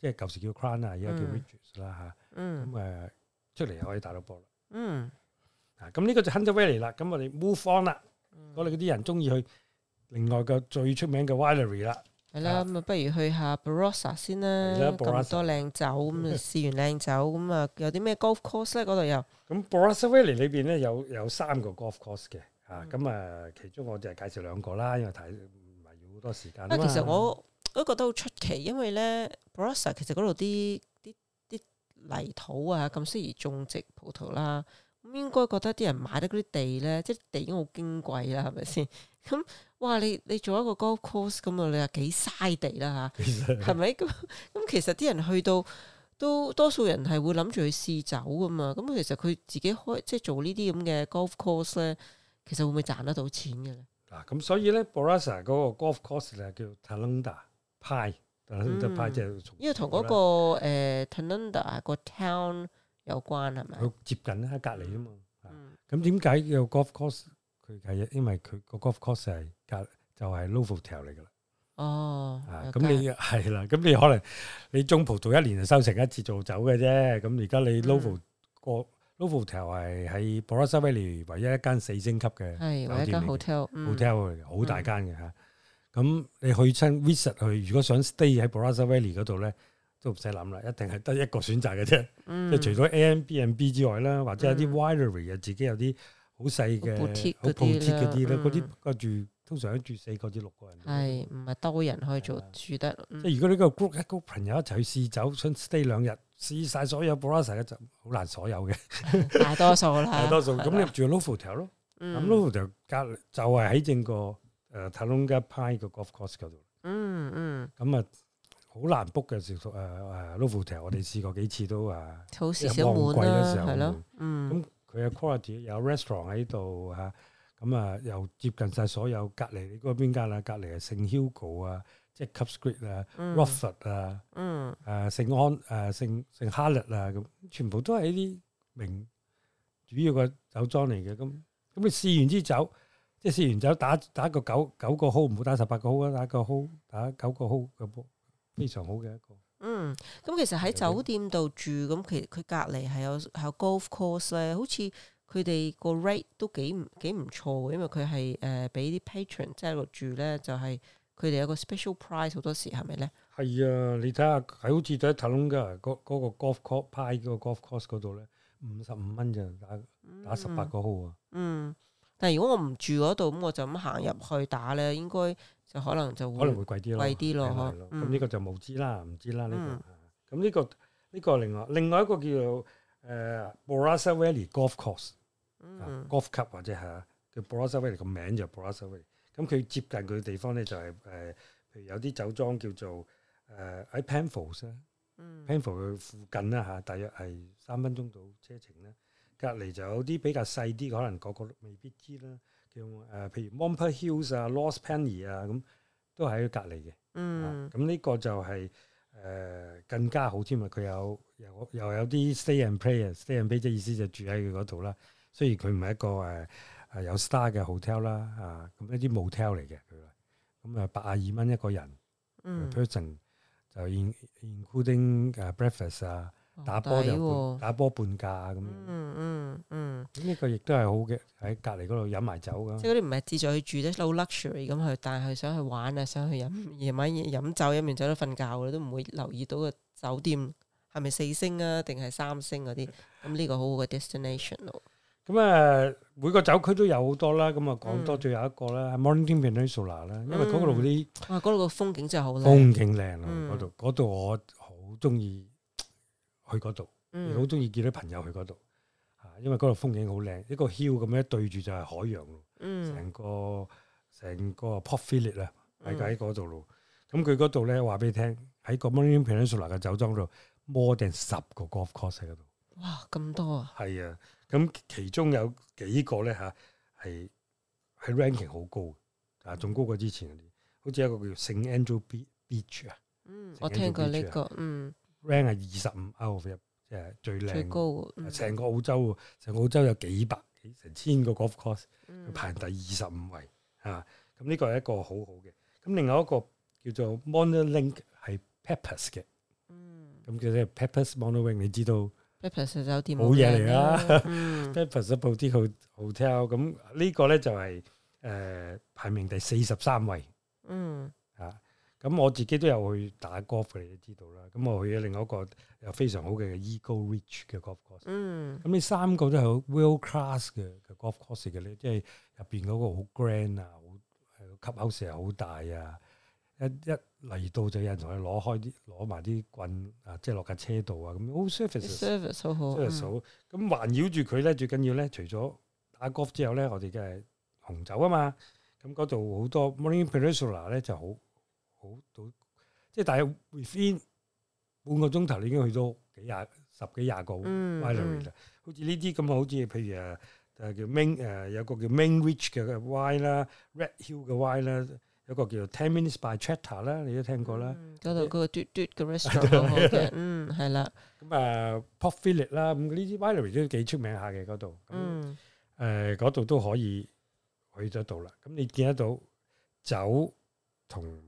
B: 即係舊時叫 Crown 啊，而家叫 Riches 啦嚇。咁誒出嚟可以打到波啦。嗯，啊咁呢個就 Hunter Valley 嚟啦。咁我哋 move on 啦。我哋嗰啲人中意去另外嘅最出名嘅 Winery 啦。
A: 係啦，咁啊不如去下 Barossa 先啦。咁多靚酒咁，啊試完靚酒，咁啊有啲咩 golf course 咧嗰度有？咁
B: Barossa Valley 裏邊，咧有有三個 golf course 嘅嚇。咁啊其中我就係介紹兩個啦，因為睇唔係要好多時間。啊，其實我。
A: 我都覺得好出奇，因為咧，Barossa 其實嗰度啲啲啲泥土啊，咁適宜種植葡萄啦。咁應該覺得啲人買得嗰啲地咧，即係地已經好矜貴啦，係咪先？咁哇，你你做一個 golf course 咁啊，你係幾嘥地啦吓？係咪咁？咁其實啲人去到都多數人係會諗住去試酒噶嘛。咁其實佢自己開即係做呢啲咁嘅 golf course 咧，其實會唔會賺得到錢嘅咧？嗱、啊，咁所以咧，Barossa 嗰
B: 個 golf course 咧叫派，但係就派就從。因為同嗰個
A: 誒 Tanunda 個 town 有關係咪？接近啊，喺隔離啊嘛。
B: 咁點解個 golf course，佢係因為佢個 golf course 係隔就係 Novotel Hotel 嚟㗎啦。
A: 哦，啊咁你係
B: 啦，咁你可能你種葡萄一年就收成一次做酒嘅啫。咁而家你 Novotel 個 Novotel Hotel 係喺 Barossa 唯一一間四星級嘅，係唯一一間 hotel，hotel 好大間嘅嚇。咁你去親 visit 去，如果想 stay 喺 Barossa Valley 嗰度咧，都唔使諗啦，一定係得一個選擇嘅啫。即係除咗 Airbnb 之外啦，或者有啲 winery 嘅，自己有啲好細嘅、好 boutique 嗰啲咧，嗰啲個住通常住四個至六個
A: 人。係唔係多人可以做住得？即係如
B: 果你個 group 一 group 朋友一齊去試酒，想 stay 兩日試晒所有 Barossa 嘅，就好難所有嘅。大多數啦，大多數咁你住 loft 條咯，
A: 咁 loft 就隔籬
B: 就係喺正個。誒，Tanunda Pines 個 golf course 嗰度，嗯嗯，咁啊好難 book 嘅時候，誒誒，loftier，我哋試過幾次都啊，旺季嘅時候，係咯，嗯，咁佢有 quality 有 restaurant 喺度吓，咁啊又接近晒所有隔籬，你嗰邊間啦，隔籬係聖 Hugo 啊，即係 Cup Street 啊，Rockford 啊，嗯，誒聖安誒聖聖 Hallet 啊，咁全部都係呢啲名主要嘅酒莊嚟嘅，咁咁你試完支酒。即係試完酒，打打個九九個號，唔好打十八個號啊！打個號打九個號嘅波非常好嘅一個。嗯，
A: 咁其實喺酒店度住，咁其佢隔離係有有 golf course 咧，好似佢哋個 rate 都幾唔幾唔錯，因為佢係誒俾啲 patron 即係落住咧，就係佢哋有個 special price 好多時係咪咧？
B: 係啊，你睇下係好似喺塔隆噶嗰嗰個 golf course 派嘅個 golf course 嗰度咧，五十五蚊就打打十八個號啊！嗯。
A: 但係如果我唔住嗰度，咁我就咁行入去打咧，應該就可能就會可能會貴啲咯，貴啲咯，咁呢、嗯、個就無知啦，唔知啦呢、這個。咁呢、嗯這個呢、這個
B: 另外，另外一個叫做誒、呃、Barossa Valley Golf Course，、啊、嗯，Golf Club 或者嚇，叫 Barossa Valley 個名就 Barossa Valley。咁佢接近佢地方咧就係、是、誒、呃，譬如有啲酒莊叫做誒喺、呃、Penfolds 啊、嗯、Penfolds 附近啦嚇、啊，大約係三分鐘到車程啦。隔離就有啲比較細啲，可能個個未必知啦。叫誒、呃，譬如 Monter Hills 啊、Lost Penny 啊，咁都喺隔離嘅。
A: 嗯。咁
B: 呢個就係誒更加好添啊！佢有又又有啲 Stay and Play Stay and Play 即係意思就住喺佢嗰度啦。雖然佢唔係一個誒係有 star 嘅 hotel 啦，啊，咁一啲 motel 嚟嘅。佢咁啊，八十二蚊一個人、嗯、，person 就 in including、uh, breakfast 啊。打波就打波半價咁樣，嗯嗯嗯，呢個亦都係好嘅。喺隔籬嗰度飲埋酒嘅，即係嗰啲
A: 唔係志在去住啫，好 luxury 咁去，但係想去玩啊，想去飲。夜晚飲酒飲完酒都瞓覺啦，都唔會留意到個酒店係咪四星啊，定係三星嗰啲。咁呢個好好嘅 destination 咯。咁啊，
B: 每個酒區都有好多啦。咁啊，講多最後一個啦，係 Mornington Peninsula 啦，因為嗰度嗰啲
A: 啊，嗰度個風景真係好靚，風景靚啊，嗰度
B: 嗰度我好中意。去嗰度，好中意見到朋友去嗰度，嚇，因為嗰度風景好靚，一個 hill 咁樣對住就係海洋咯，成、嗯、個成個 Port Phillip 啊，大家喺嗰度咯。咁佢嗰度咧話俾你聽，喺個 Mornington Peninsula 嘅酒莊度，more than 十個 golf course 喺嗰度。
A: 哇，咁多
B: 啊！係啊，咁其中有幾個咧吓，係喺 ranking 好高，啊，仲高過之前，好似一個叫 St Andrews Beach 啊。嗯，我聽過呢、這個，嗯。rank 係二十五歐入，即係最靚，最高嘅成、嗯、個澳洲，成個澳洲有幾百幾成千個 golf course，佢排第二十五位嚇。咁呢、嗯啊這個係一個好好嘅。咁、嗯、另外一個叫做 Monolink 係 Peppers 嘅，咁佢咧 Peppers Monolink 你知道
A: Peppers 酒店好嘢嚟啦
B: ，Peppers Boutique Hotel、嗯。咁呢個咧就係、是、誒、呃、排名第四十三位。嗯。咁我自己都有去打 golf，你都知道啦。咁我去咗另外一個有非常好嘅 Eagle Ridge 嘅 golf course。
A: 嗯。咁
B: 呢三個都係 World Class 嘅 golf course 嘅咧，即係入邊嗰個好 grand 啊，好吸口舌好大啊。一一嚟到就有人同佢攞開啲，攞埋啲棍啊，即係落架車度啊，咁好 service。service 好好。service 好。咁環繞住佢咧，最緊要咧，除咗打 golf 之後咧，我哋梗係紅酒啊嘛，咁嗰度好多 Mornington Peninsula 咧就好。好到即係，大約 within 半個鐘頭，你已經去到幾廿、十幾廿個 village 啦。好似呢啲咁啊，好似譬如啊，叫 main 誒，有個叫 main ridge 嘅 wine 啦，red hill 嘅 wine 啦，有個叫做 ten minutes by chater 啦，你都聽過啦。
A: 嗰度嗰個嘟嘟嘅 restaurant，嗯，係
B: 啦。咁啊，pop village 啦，咁呢啲 village 都幾出名下嘅嗰度。嗯，誒，嗰度都可以去得到啦。咁你見得到酒同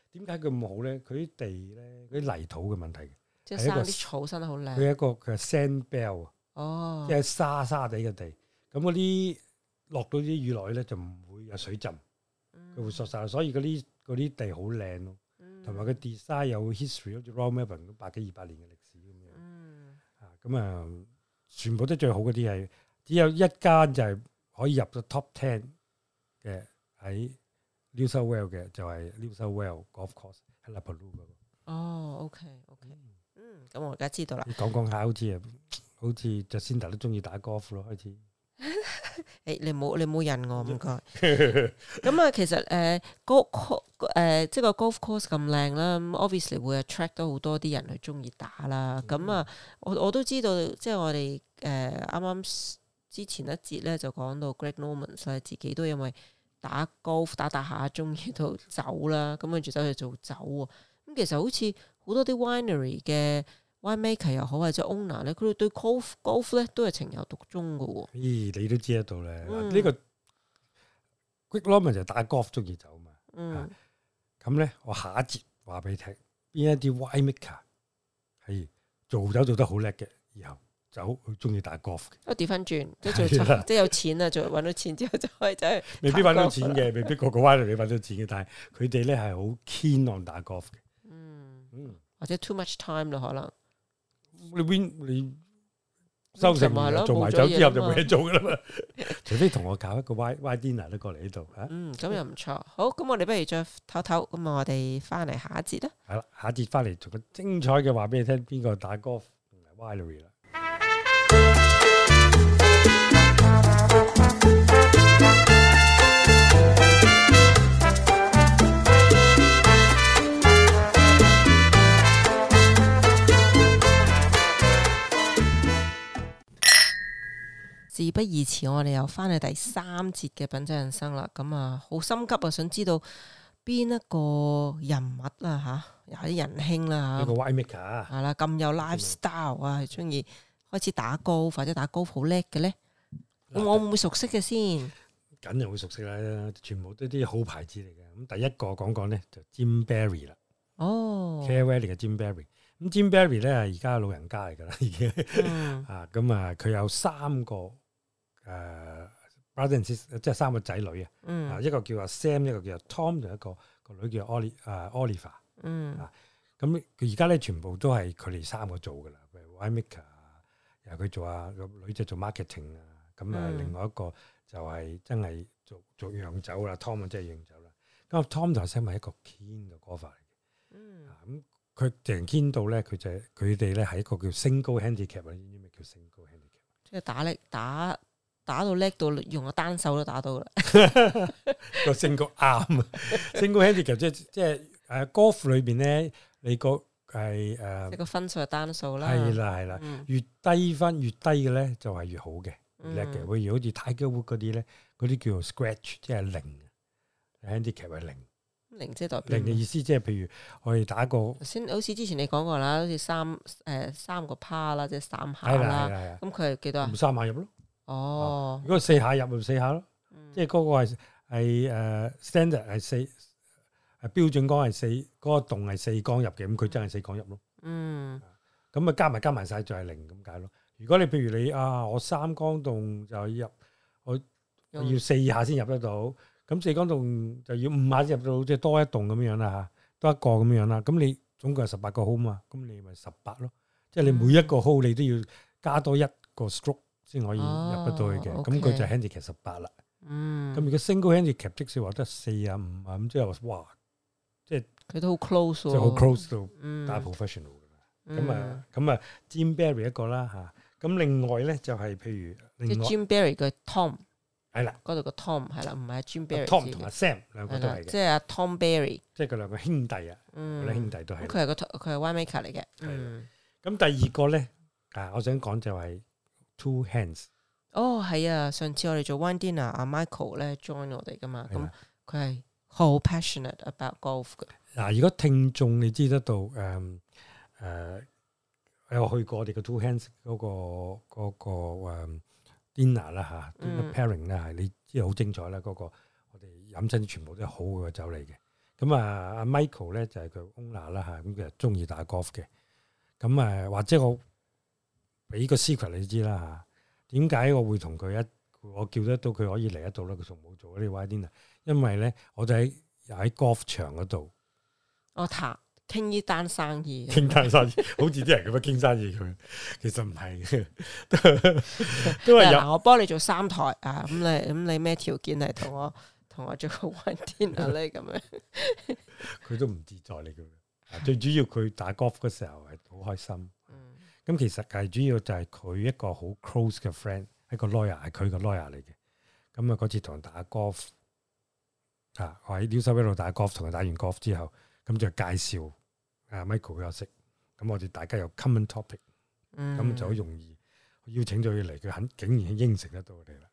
B: 點解佢咁好咧？佢啲地咧，嗰啲泥土嘅問題嘅，即係啲草生得好靚，係一個佢係 sandbelt 啊，Sandbelt, 哦、即係沙沙地嘅地。咁嗰啲落到啲雨落去咧，就唔會有水浸，佢、嗯、會索晒。所以嗰啲嗰啲地好靚咯，同埋佢 design 有 history，好似 Royal Melbourne 百幾二百年嘅歷史咁樣。嗯、啊，咁、嗯、啊，全部都最好嗰啲係，只有一間就係可以入到 top ten 嘅喺。n e well w 嘅就係 n e well w golf course 係喺拉普魯嘅。
A: 哦，OK，OK，嗯，咁我而家知道啦。講
B: 講下好似好似就先 s 都中意打高爾夫咯，開始。
A: 誒，你冇你冇引我唔該。咁啊，其實誒，golf 誒，即係個 golf course 咁靚啦，咁 obviously 會 attract 到好多啲人去中意打啦。咁啊，我我都知道，即係我哋誒，啱啱之前一節咧就講到 Great Norman 所以自己都因為。打 golf 打打下中意到酒啦，咁跟住走去做酒喎，咁其實好似好多啲 winery 嘅 winemaker 又好或者 owner 咧，佢哋對 golf golf 咧都係情有獨鍾嘅喎。
B: 咦、哎，你都知得到咧，呢、嗯啊呢個 Greg Norman 就打 golf 中意酒啊嘛。嗯。咁咧、啊，我下一節話俾你聽，邊一啲 winemaker 係做酒做得好叻嘅，以後。走，好中意打 golf 嘅。我調翻轉，即做財，即
A: 有錢啊！做揾到錢之後就可以真係。未必揾到錢嘅，未必個
B: 個 wine 都你揾到錢嘅，但係佢哋咧係好 keen on 打 golf 嘅。嗯
A: 嗯，或者 too much time 咯，可能你 win
B: 你收成咪做埋酒之後就冇嘢做噶啦嘛。除非同我搞一個 wine dinner 都過嚟呢度吓。嗯，咁又唔
A: 錯。好，咁我哋不如再唞唞，咁啊，我哋翻嚟下一節啦。
B: 係啦，下一節翻嚟做個精彩嘅話俾你聽，邊個打 golf 嚟 winery 啦？
A: 事不宜遲，我哋又翻去第三節嘅品酒人生啦。咁啊，好心急啊，想知道邊一個人物啊？吓，有啲人興啦，嚇，個 Winemaker 係啦，咁有 lifestyle 啊，中意開始打高或者打高好叻嘅咧。咁我唔會熟悉嘅先？
B: 梗係會熟悉啦，全部都啲好牌子嚟嘅。咁第一個講講咧，就 Jim Barry 啦。
A: 哦，Clare
B: Valley 嘅 Jim Barry。咁 Jim Barry 咧，而家老人家嚟噶啦，已經、嗯、啊，咁啊，佢有三個。誒、uh, brother and sis 即係三個仔女啊！啊、嗯，一個叫阿 Sam，一個叫 Tom，就一個一個，一個女叫 Olly 啊 Oliver、嗯。啊，咁佢而家咧，全部都係佢哋三個做噶啦，喂 winemaker 佢做，啊女仔做 marketing 啊，咁啊、嗯，另外一個就係真係做做洋酒啦。Tom, 即 Tom、嗯、啊，真係洋酒啦。咁 Tom 同 Sam 係一個 keen 嘅 golfer 嚟嘅。
A: 咁
B: 佢成 keen 到咧，佢就佢哋咧係一個叫 single handicap 啊，點咩叫 single handicap？
A: 即係打力打。打到叻到用個單手都打到啦，個升個啱，啊，升個 handicap 即係即係誒，
B: 高爾夫裏邊咧，你個係誒，啊、即個分數係單數啦，係啦係啦，越低分越低嘅咧就係越好嘅，叻嘅。例如好似 Tiger Woods 嗰啲咧，嗰啲叫做 scratch，即係零，handicap 係零，零即係代表零嘅意思、就是，即係譬如我哋打個
A: 先，好似之前你講過啦，好似三誒三個趴啦，即係三下啦，咁佢係幾多啊？三下入咯。哦，如果四下入
B: 咪四下咯，嗯、即係嗰個係係誒，standard 係四，係標準缸係四，嗰、嗰個洞係四缸入嘅，咁佢真係四缸入咯。
A: 嗯、
B: 啊，咁啊加埋加埋晒就係零咁解咯。如果你譬如你啊，我三缸洞就入，我要四下先入得到，咁四缸洞就要五下先入到，即係多一洞咁樣啦、啊、吓，多一個咁樣啦、啊。咁你總共係十八個 hole 嘛，咁你咪十八咯。即係你每一個 hole 你都要加多一個 stroke。嗯先可以入得到去嘅，咁佢就 handicap 十八啦。嗯，咁如果 single handicap 即使話得四啊五啊，咁之後哇，
A: 即係佢都好 close，即係好 close 到打
B: professional 嘅啦。咁啊，咁啊，Jim Barry 一個
A: 啦吓，咁另外咧就係譬如，即係 Jim Barry 嘅 Tom，係啦，嗰度個 Tom 係啦，唔係 Jim Barry。Tom 同阿 Sam 兩個都係嘅，即係阿 Tom Barry，即係佢兩個兄弟啊，佢兩個兄弟都係。佢係個佢係 Wine Maker 嚟嘅，嗯。咁第二個咧啊，
B: 我想講就係。Two
A: Hands，哦係啊，上次我哋做 one dinner，阿 Michael 咧 join 我哋噶嘛，咁佢係好 passionate about golf 嘅。嗱、嗯，如果
B: 聽眾你知得到，誒、呃、誒、呃啊、有去過我哋嘅 Two Hands 嗰個嗰、那個呃那個嗯、dinner 啦吓，pairing 啦係，你知好精彩啦，嗰、那個我哋飲親全部都係好嘅酒嚟嘅。咁啊，阿 Michael 咧就係佢 owner 啦嚇，咁佢又中意打 golf 嘅。咁啊，或者我。俾個 secret 你知啦嚇，點解我會同佢一我叫得到佢可以嚟得到咧？佢仲冇做呢啲 youtuber 因為咧我哋喺喺 golf 場嗰度，
A: 我談傾呢單生意，傾單 (laughs) 生意
B: 好似啲人咁樣傾生意佢，其實唔係
A: 都係有、啊、我幫你做三台啊，咁你咁你咩條件嚟同我同 (laughs) 我做一個 youtuber 咧咁樣？
B: 佢 (laughs) 都唔自在你嘅，最主要佢打 golf 嘅時候係好開心。咁其實係主要就係佢一個好 close 嘅 friend，一個 lawyer 係佢個 lawyer 嚟嘅。咁啊嗰次同人打 golf，、啊、我喺 New South Wales 度打 golf，同佢打完 golf 之後，咁就介紹啊 Michael 佢又識，咁我哋大家有 common topic，咁、嗯、就好容易邀請咗佢嚟，佢很竟然應承得到、okay. 我哋
A: 啦。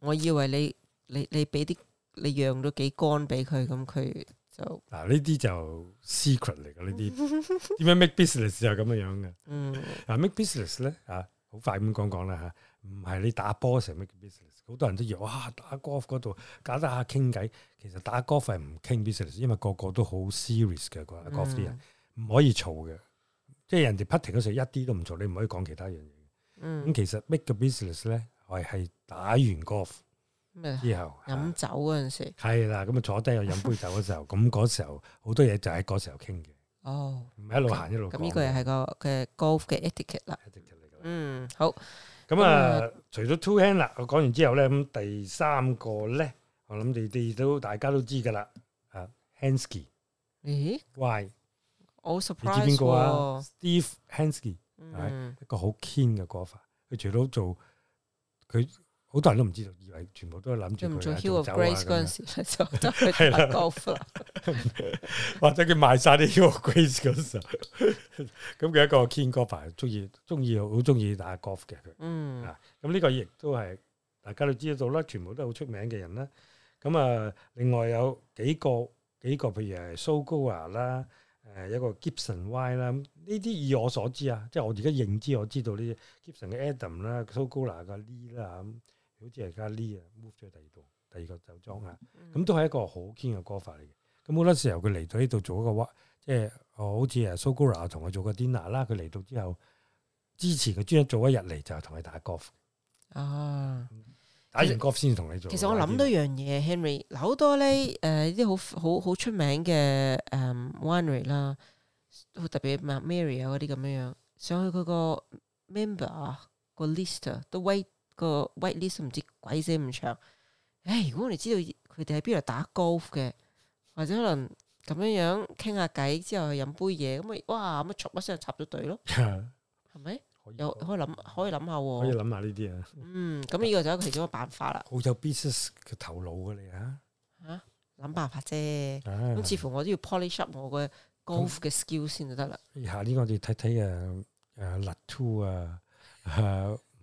A: 我我以為你你你俾啲你讓咗幾乾俾佢，咁佢。嗱，
B: 呢啲 So,、啊、就 secret 嚟嘅呢啲，點解 (laughs) make business 就咁樣樣嘅。嗯，嗱、啊、make business 咧，吓、啊、好快咁講講啦吓。唔係你打波時 make business，好多人都以為哇、啊、打 golf 嗰度搞得下傾偈，其實打 golf 係唔傾 business，因為個個都好 serious 嘅個 golf 啲人，唔、嗯啊、可以嘈嘅。即係人哋 putting 嗰時一啲都唔嘈，你唔可以講其他樣嘢。咁、嗯嗯嗯、其實 make 嘅 business 咧我係打完 golf。
A: 之後飲酒嗰陣時
B: 係啦，咁啊坐低又飲杯酒嗰時候，咁嗰時候好多嘢就喺嗰時候傾嘅。哦，
A: 唔係一路行一路咁呢個又係個嘅 Golf 嘅 etiquette 啦。嗯，好。咁啊，
B: 除咗 two hand 啦，我講完之後咧，咁第三個咧，我諗你哋都大家都知噶啦。啊 Hensky, Why? Oh surprise! 你知邊個啊？Steve Hensky 係一個好謙嘅過法。佢除咗做佢。好多人都唔知道，以為全部都係諗住佢走啊！唔做 Hill of Grace 嗰陣時咧，就都去打 golf 啦。或者佢賣曬啲 Hill of Grace 嗰陣時，咁佢一個 King golfer 中意中意好中意打 golf 嘅佢。嗯啊，咁呢個亦都係大家都知得到啦，全部都係好出名嘅人啦。咁啊，另外有幾個幾個，譬如係 Sugola 啦，誒一個 Gibson Y 啦，咁呢啲以我所知啊，即係我而家認知我知道呢，Gibson 嘅 Adam 啦，Sugola 嘅 Lee 啦咁。好似而家呢，啊 move 咗第二度，第二個酒莊啊，咁都係一個好堅嘅 golf 嚟嘅。咁好多時候佢嚟到呢度做一個 wine，即係好似啊 Sugura 同佢做個 dinner 啦。佢嚟到之後，之前佢專一做一日嚟就同佢打 golf。啊，打完 golf 先同你做。其實我諗到一樣
A: 嘢，Henry。嗱，好多咧，誒啲好好好出名嘅誒 winery 啦，特別 Maria 嗰啲咁樣樣，上去佢個 member 個 list，the wait 個 waitlist 唔知鬼死咁長，唉、哎！如果我哋知道佢哋喺邊度打 golf 嘅，或者可能咁樣樣傾下偈之後去飲杯嘢，咁咪哇，咁咪撮一聲插咗隊咯，係咪 Yeah.？又可以諗，可以諗下喎，可以諗下呢啲啊。嗯，咁呢個就一個其中一個辦法啦。 (laughs)
B: 好有 business 嘅頭腦㗎、啊、你啊，吓
A: 諗、啊、辦法啫。咁、 (laughs) 啊、似乎我都要 polish p up 我嘅 golf 嘅 skill 先就得啦。
B: 下呢個我哋睇睇啊誒，立 two 啊吓。啊啊啊啊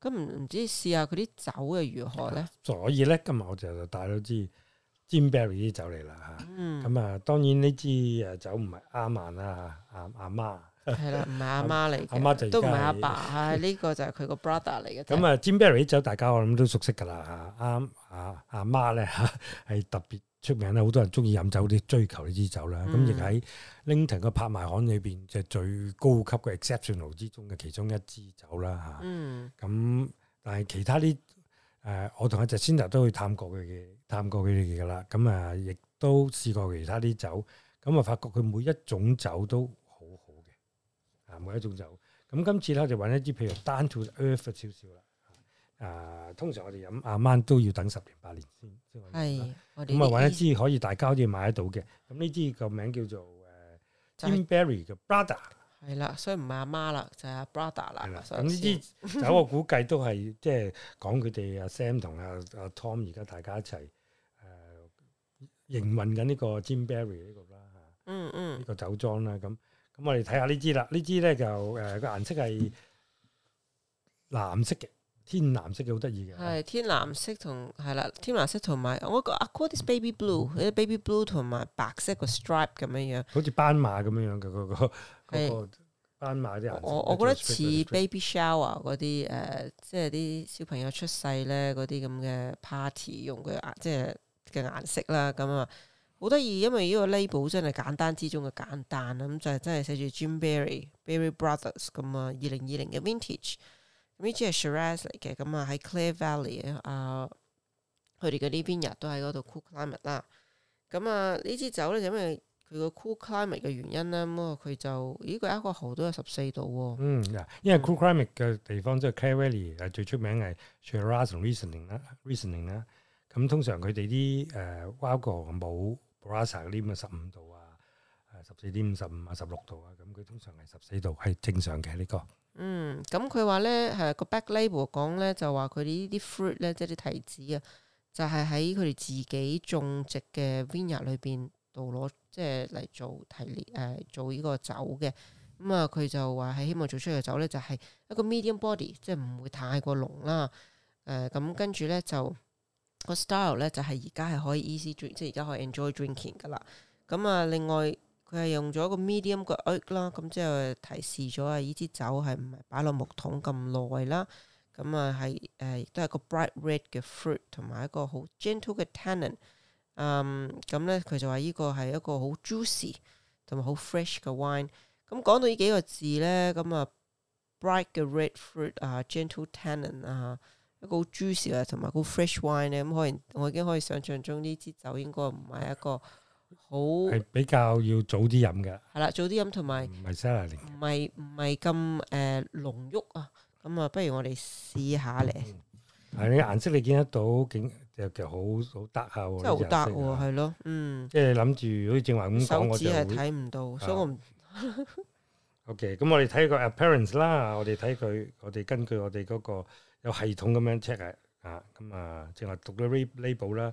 A: 咁唔知試下佢啲酒又如何咧？
B: 所以咧，今日我就帶咗支 Jim Barry 啲酒嚟啦嚇。咁、嗯、啊，當然呢支啊酒唔係阿曼啦，阿阿媽係啦，唔係阿媽嚟，阿媽就都唔係阿爸，係
A: 呢個就係佢個 brother 嚟嘅。咁啊
B: ，Jim Barry 啲酒大家我諗都熟悉㗎啦嚇。啱啊，阿、啊啊、媽咧嚇係特別。出名啦，好多人中意飲酒啲追求呢支酒啦，咁亦喺、嗯、Langton's 個拍賣行裏邊，就係最高級嘅 exceptional 之中嘅其中一支酒啦嚇。咁、嗯啊、但係其他啲誒、呃，我同阿 Jacinda 先頭都去探過佢嘅，探過佢哋嘅啦。咁啊，亦都試過其他啲酒，咁啊，發覺佢每一種酒都好好嘅，啊每一種酒。咁、啊、今次咧就揾一支譬如 Down to Earth 少少啦。啊，通常我哋飲阿媽都要等十年八年先。
A: 係，咁啊，一支
B: 可以大家好似買得到嘅。咁呢支個名叫做誒 Jim Barry 嘅
A: Brother。係啦、就是，所以唔係阿媽啦，就阿、是、Brother 啦。咁呢支酒我
B: 估計都係即係講佢哋阿 Sam 同阿阿 Tom 而家大家一齊誒、呃、營運緊呢個 Jim Barry 呢、這個啦
A: 嚇。嗯嗯。
B: 呢個酒莊啦，咁咁、嗯嗯、我哋睇下呢支啦。呢支咧就誒個顏色係藍色嘅。天藍色嘅好得意
A: 嘅，係天藍色同係啦，天藍色同埋我個啊 c a l l this baby blue，啲 baby blue 同埋白色個 stripe 咁樣樣，好似斑馬咁樣樣嘅嗰個嗰個斑馬啲顏色。我 Church Street 我覺得似 baby shower 嗰啲誒，即係啲小朋友出世咧嗰啲咁嘅 party 用佢顏，即係嘅顏色啦。咁啊好得意，因為呢個 label 真係簡單之中嘅簡單啦。咁就係真係寫住 Jim Barry Barry Brothers 咁啊，二零二零嘅 vintage。i 呢支係 Shiraz 嚟嘅，咁啊喺 Clare Valley 啊，佢哋嘅呢邊日都喺嗰度 Cool Climate 啦。咁啊呢支酒咧就因為佢個 Cool Climate 嘅原因啦，咁啊佢就咦，佢一個號都有十四度。嗯，
B: 嗱，因為 Cool Climate 嘅地方即係 Clare Valley 最出名係 Shiraz 同 Riesling 啦，Riesling 啦。咁通常佢哋啲誒 Wagler 冇 Barossa 呢咁十五度啊，十四點五十五啊十六度啊，咁佢通常係十四度係正常嘅呢個。
A: 嗯，咁佢話咧，係個 back label 講咧，就話佢哋呢啲 fruit 咧，即係啲提子啊，就係喺佢哋自己種植嘅 vineyard 裏邊度攞，即係嚟做提煉，誒、呃、做呢個酒嘅。咁、嗯、啊，佢就話係希望做出嚟嘅酒咧，就係、是、一個 medium body，即係唔會太過濃啦。誒、呃，咁、嗯、跟住咧就、那個 style 咧，就係而家係可以 easy drink，即係而家可以 enjoy drinking 噶啦。咁、嗯、啊，另外。佢係用咗個 medium 嘅 oak 啦，咁即係提示咗啊，呢支酒係唔係擺落木桶咁耐啦？咁啊係亦都係個 bright red 嘅 fruit 同埋一個好 gentle 嘅 tannin、嗯。咁咧佢就話呢個係一個好 juicy 同埋好 fresh 嘅 wine、嗯。咁講到呢幾個字咧，咁、嗯、啊 bright 嘅 red fruit 啊、uh，gentle tannin 啊、uh，一個好 juicy 啊，同埋好 fresh wine 咧、嗯，咁可以我已經可以想象中呢支酒應該唔係一個。嗯好係
B: 比較要早啲飲嘅，
A: 係啦，早啲飲同埋唔係辛辣啲，唔係唔係咁誒濃郁啊，咁啊，不如我哋試下咧。係你顏
B: 色你見得到，其實好好得下，真係好得喎，係咯，嗯。即係諗住，好似正話咁講，我就會。手指係睇唔到，所以我唔。OK，咁我哋睇個 appearance 啦，我哋睇佢，我哋根據我哋嗰個有系統咁樣 check 嘅，啊，咁啊，正話讀咗 label 啦。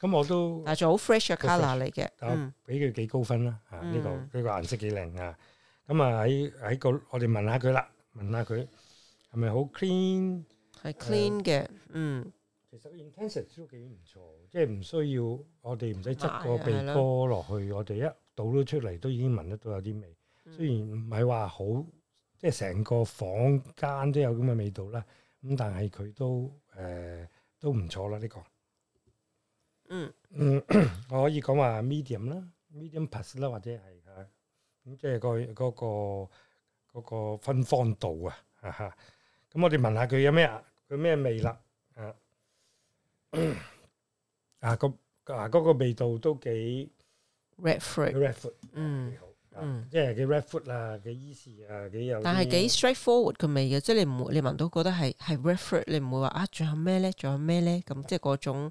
A: 咁我都啊，仲好 fresh 嘅 color 嚟嘅，嗯，俾佢幾高分
B: 啦，啊，呢個呢個顏色幾靚啊，咁、這個這個、啊喺喺個我哋聞下佢啦，聞下佢係咪好 clean？係 clean 嘅，是是呃、嗯。其實個 intensity 都幾唔錯，即係唔需要我哋唔使執個鼻哥落去，我哋一倒咗出嚟都已經聞得到有啲味，嗯、雖然唔係話好，即係成個房間都有咁嘅味道啦，咁但係佢都誒、呃、都唔錯啦呢個。嗯，我可以講話 medium 啦，medium plus 啦，或者係吓，咁即係個嗰個嗰個芬芳度啊，啊哈，咁我哋聞下佢有咩啊，佢咩味啦，啊，啊咁啊嗰個味道都幾
A: red fruit，red fruit，嗯，幾
B: 好，嗯，即係幾 red fruit 啊，幾 easy 啊，幾有，但係幾
A: straightforward 個味嘅，即係你唔會，你聞到覺得係係 red fruit，你唔會話啊，仲有咩咧，仲有咩咧，咁即係嗰種。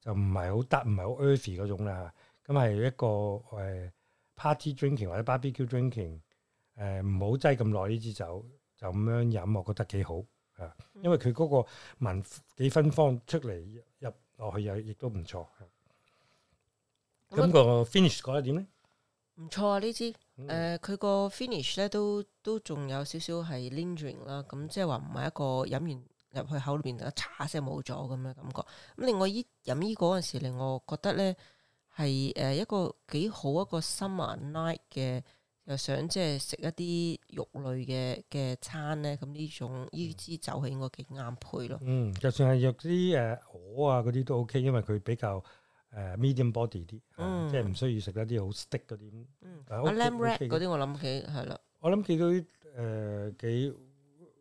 B: 就唔係好得，唔係好 earthy 嗰種啦，咁係、嗯、一個誒、呃、party drinking 或者 barbecue drinking，誒唔好擠咁耐呢支酒就咁樣飲，我覺得幾好嚇。啊嗯、因為佢嗰個聞幾芬芳出嚟，入落去又亦都唔錯。
A: 咁、啊、嗰
B: 個 finish 覺得點咧？
A: 唔錯啊！嗯呃、呢支誒佢個 finish 咧都都仲有少少係 lingering 啦。咁即係話唔係一個飲完。入去口裏邊，就一嚓聲冇咗咁嘅感覺。咁另外依飲依嗰陣時，令我覺得咧係誒一個幾好一個 summer night 嘅，又想即係食一啲肉類嘅嘅餐咧。咁呢種呢支、嗯、酒係應該幾啱配咯。
B: 嗯，就算係約啲誒鵝啊嗰啲都 OK，因為佢比較誒、呃、medium body 啲，嗯啊、即係唔需要食一啲好 stick 嗰啲。嗯但 OK、
A: 啊、lamb rack 啲我諗、呃、幾係啦。
B: 我諗幾多啲誒幾。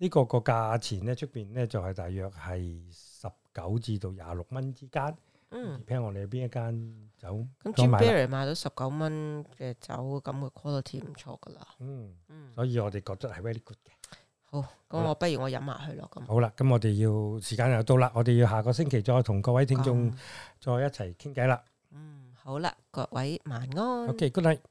B: 呢個個價錢咧，出邊咧就係大約係十九至到廿六蚊之間。嗯，睇我哋邊一間酒。咁 Jim Barry
A: 買咗十九蚊嘅酒，咁個 quality 唔錯噶啦。嗯嗯，
B: 所以我哋覺得係 very good 嘅。
A: 好，咁我不如我飲埋佢咯。咁
B: 好啦，咁我哋要時間又到啦，我哋要下個星期再同各位聽眾
A: 再一齊傾偈啦。嗯，好啦，各位晚安。O.K. Good night.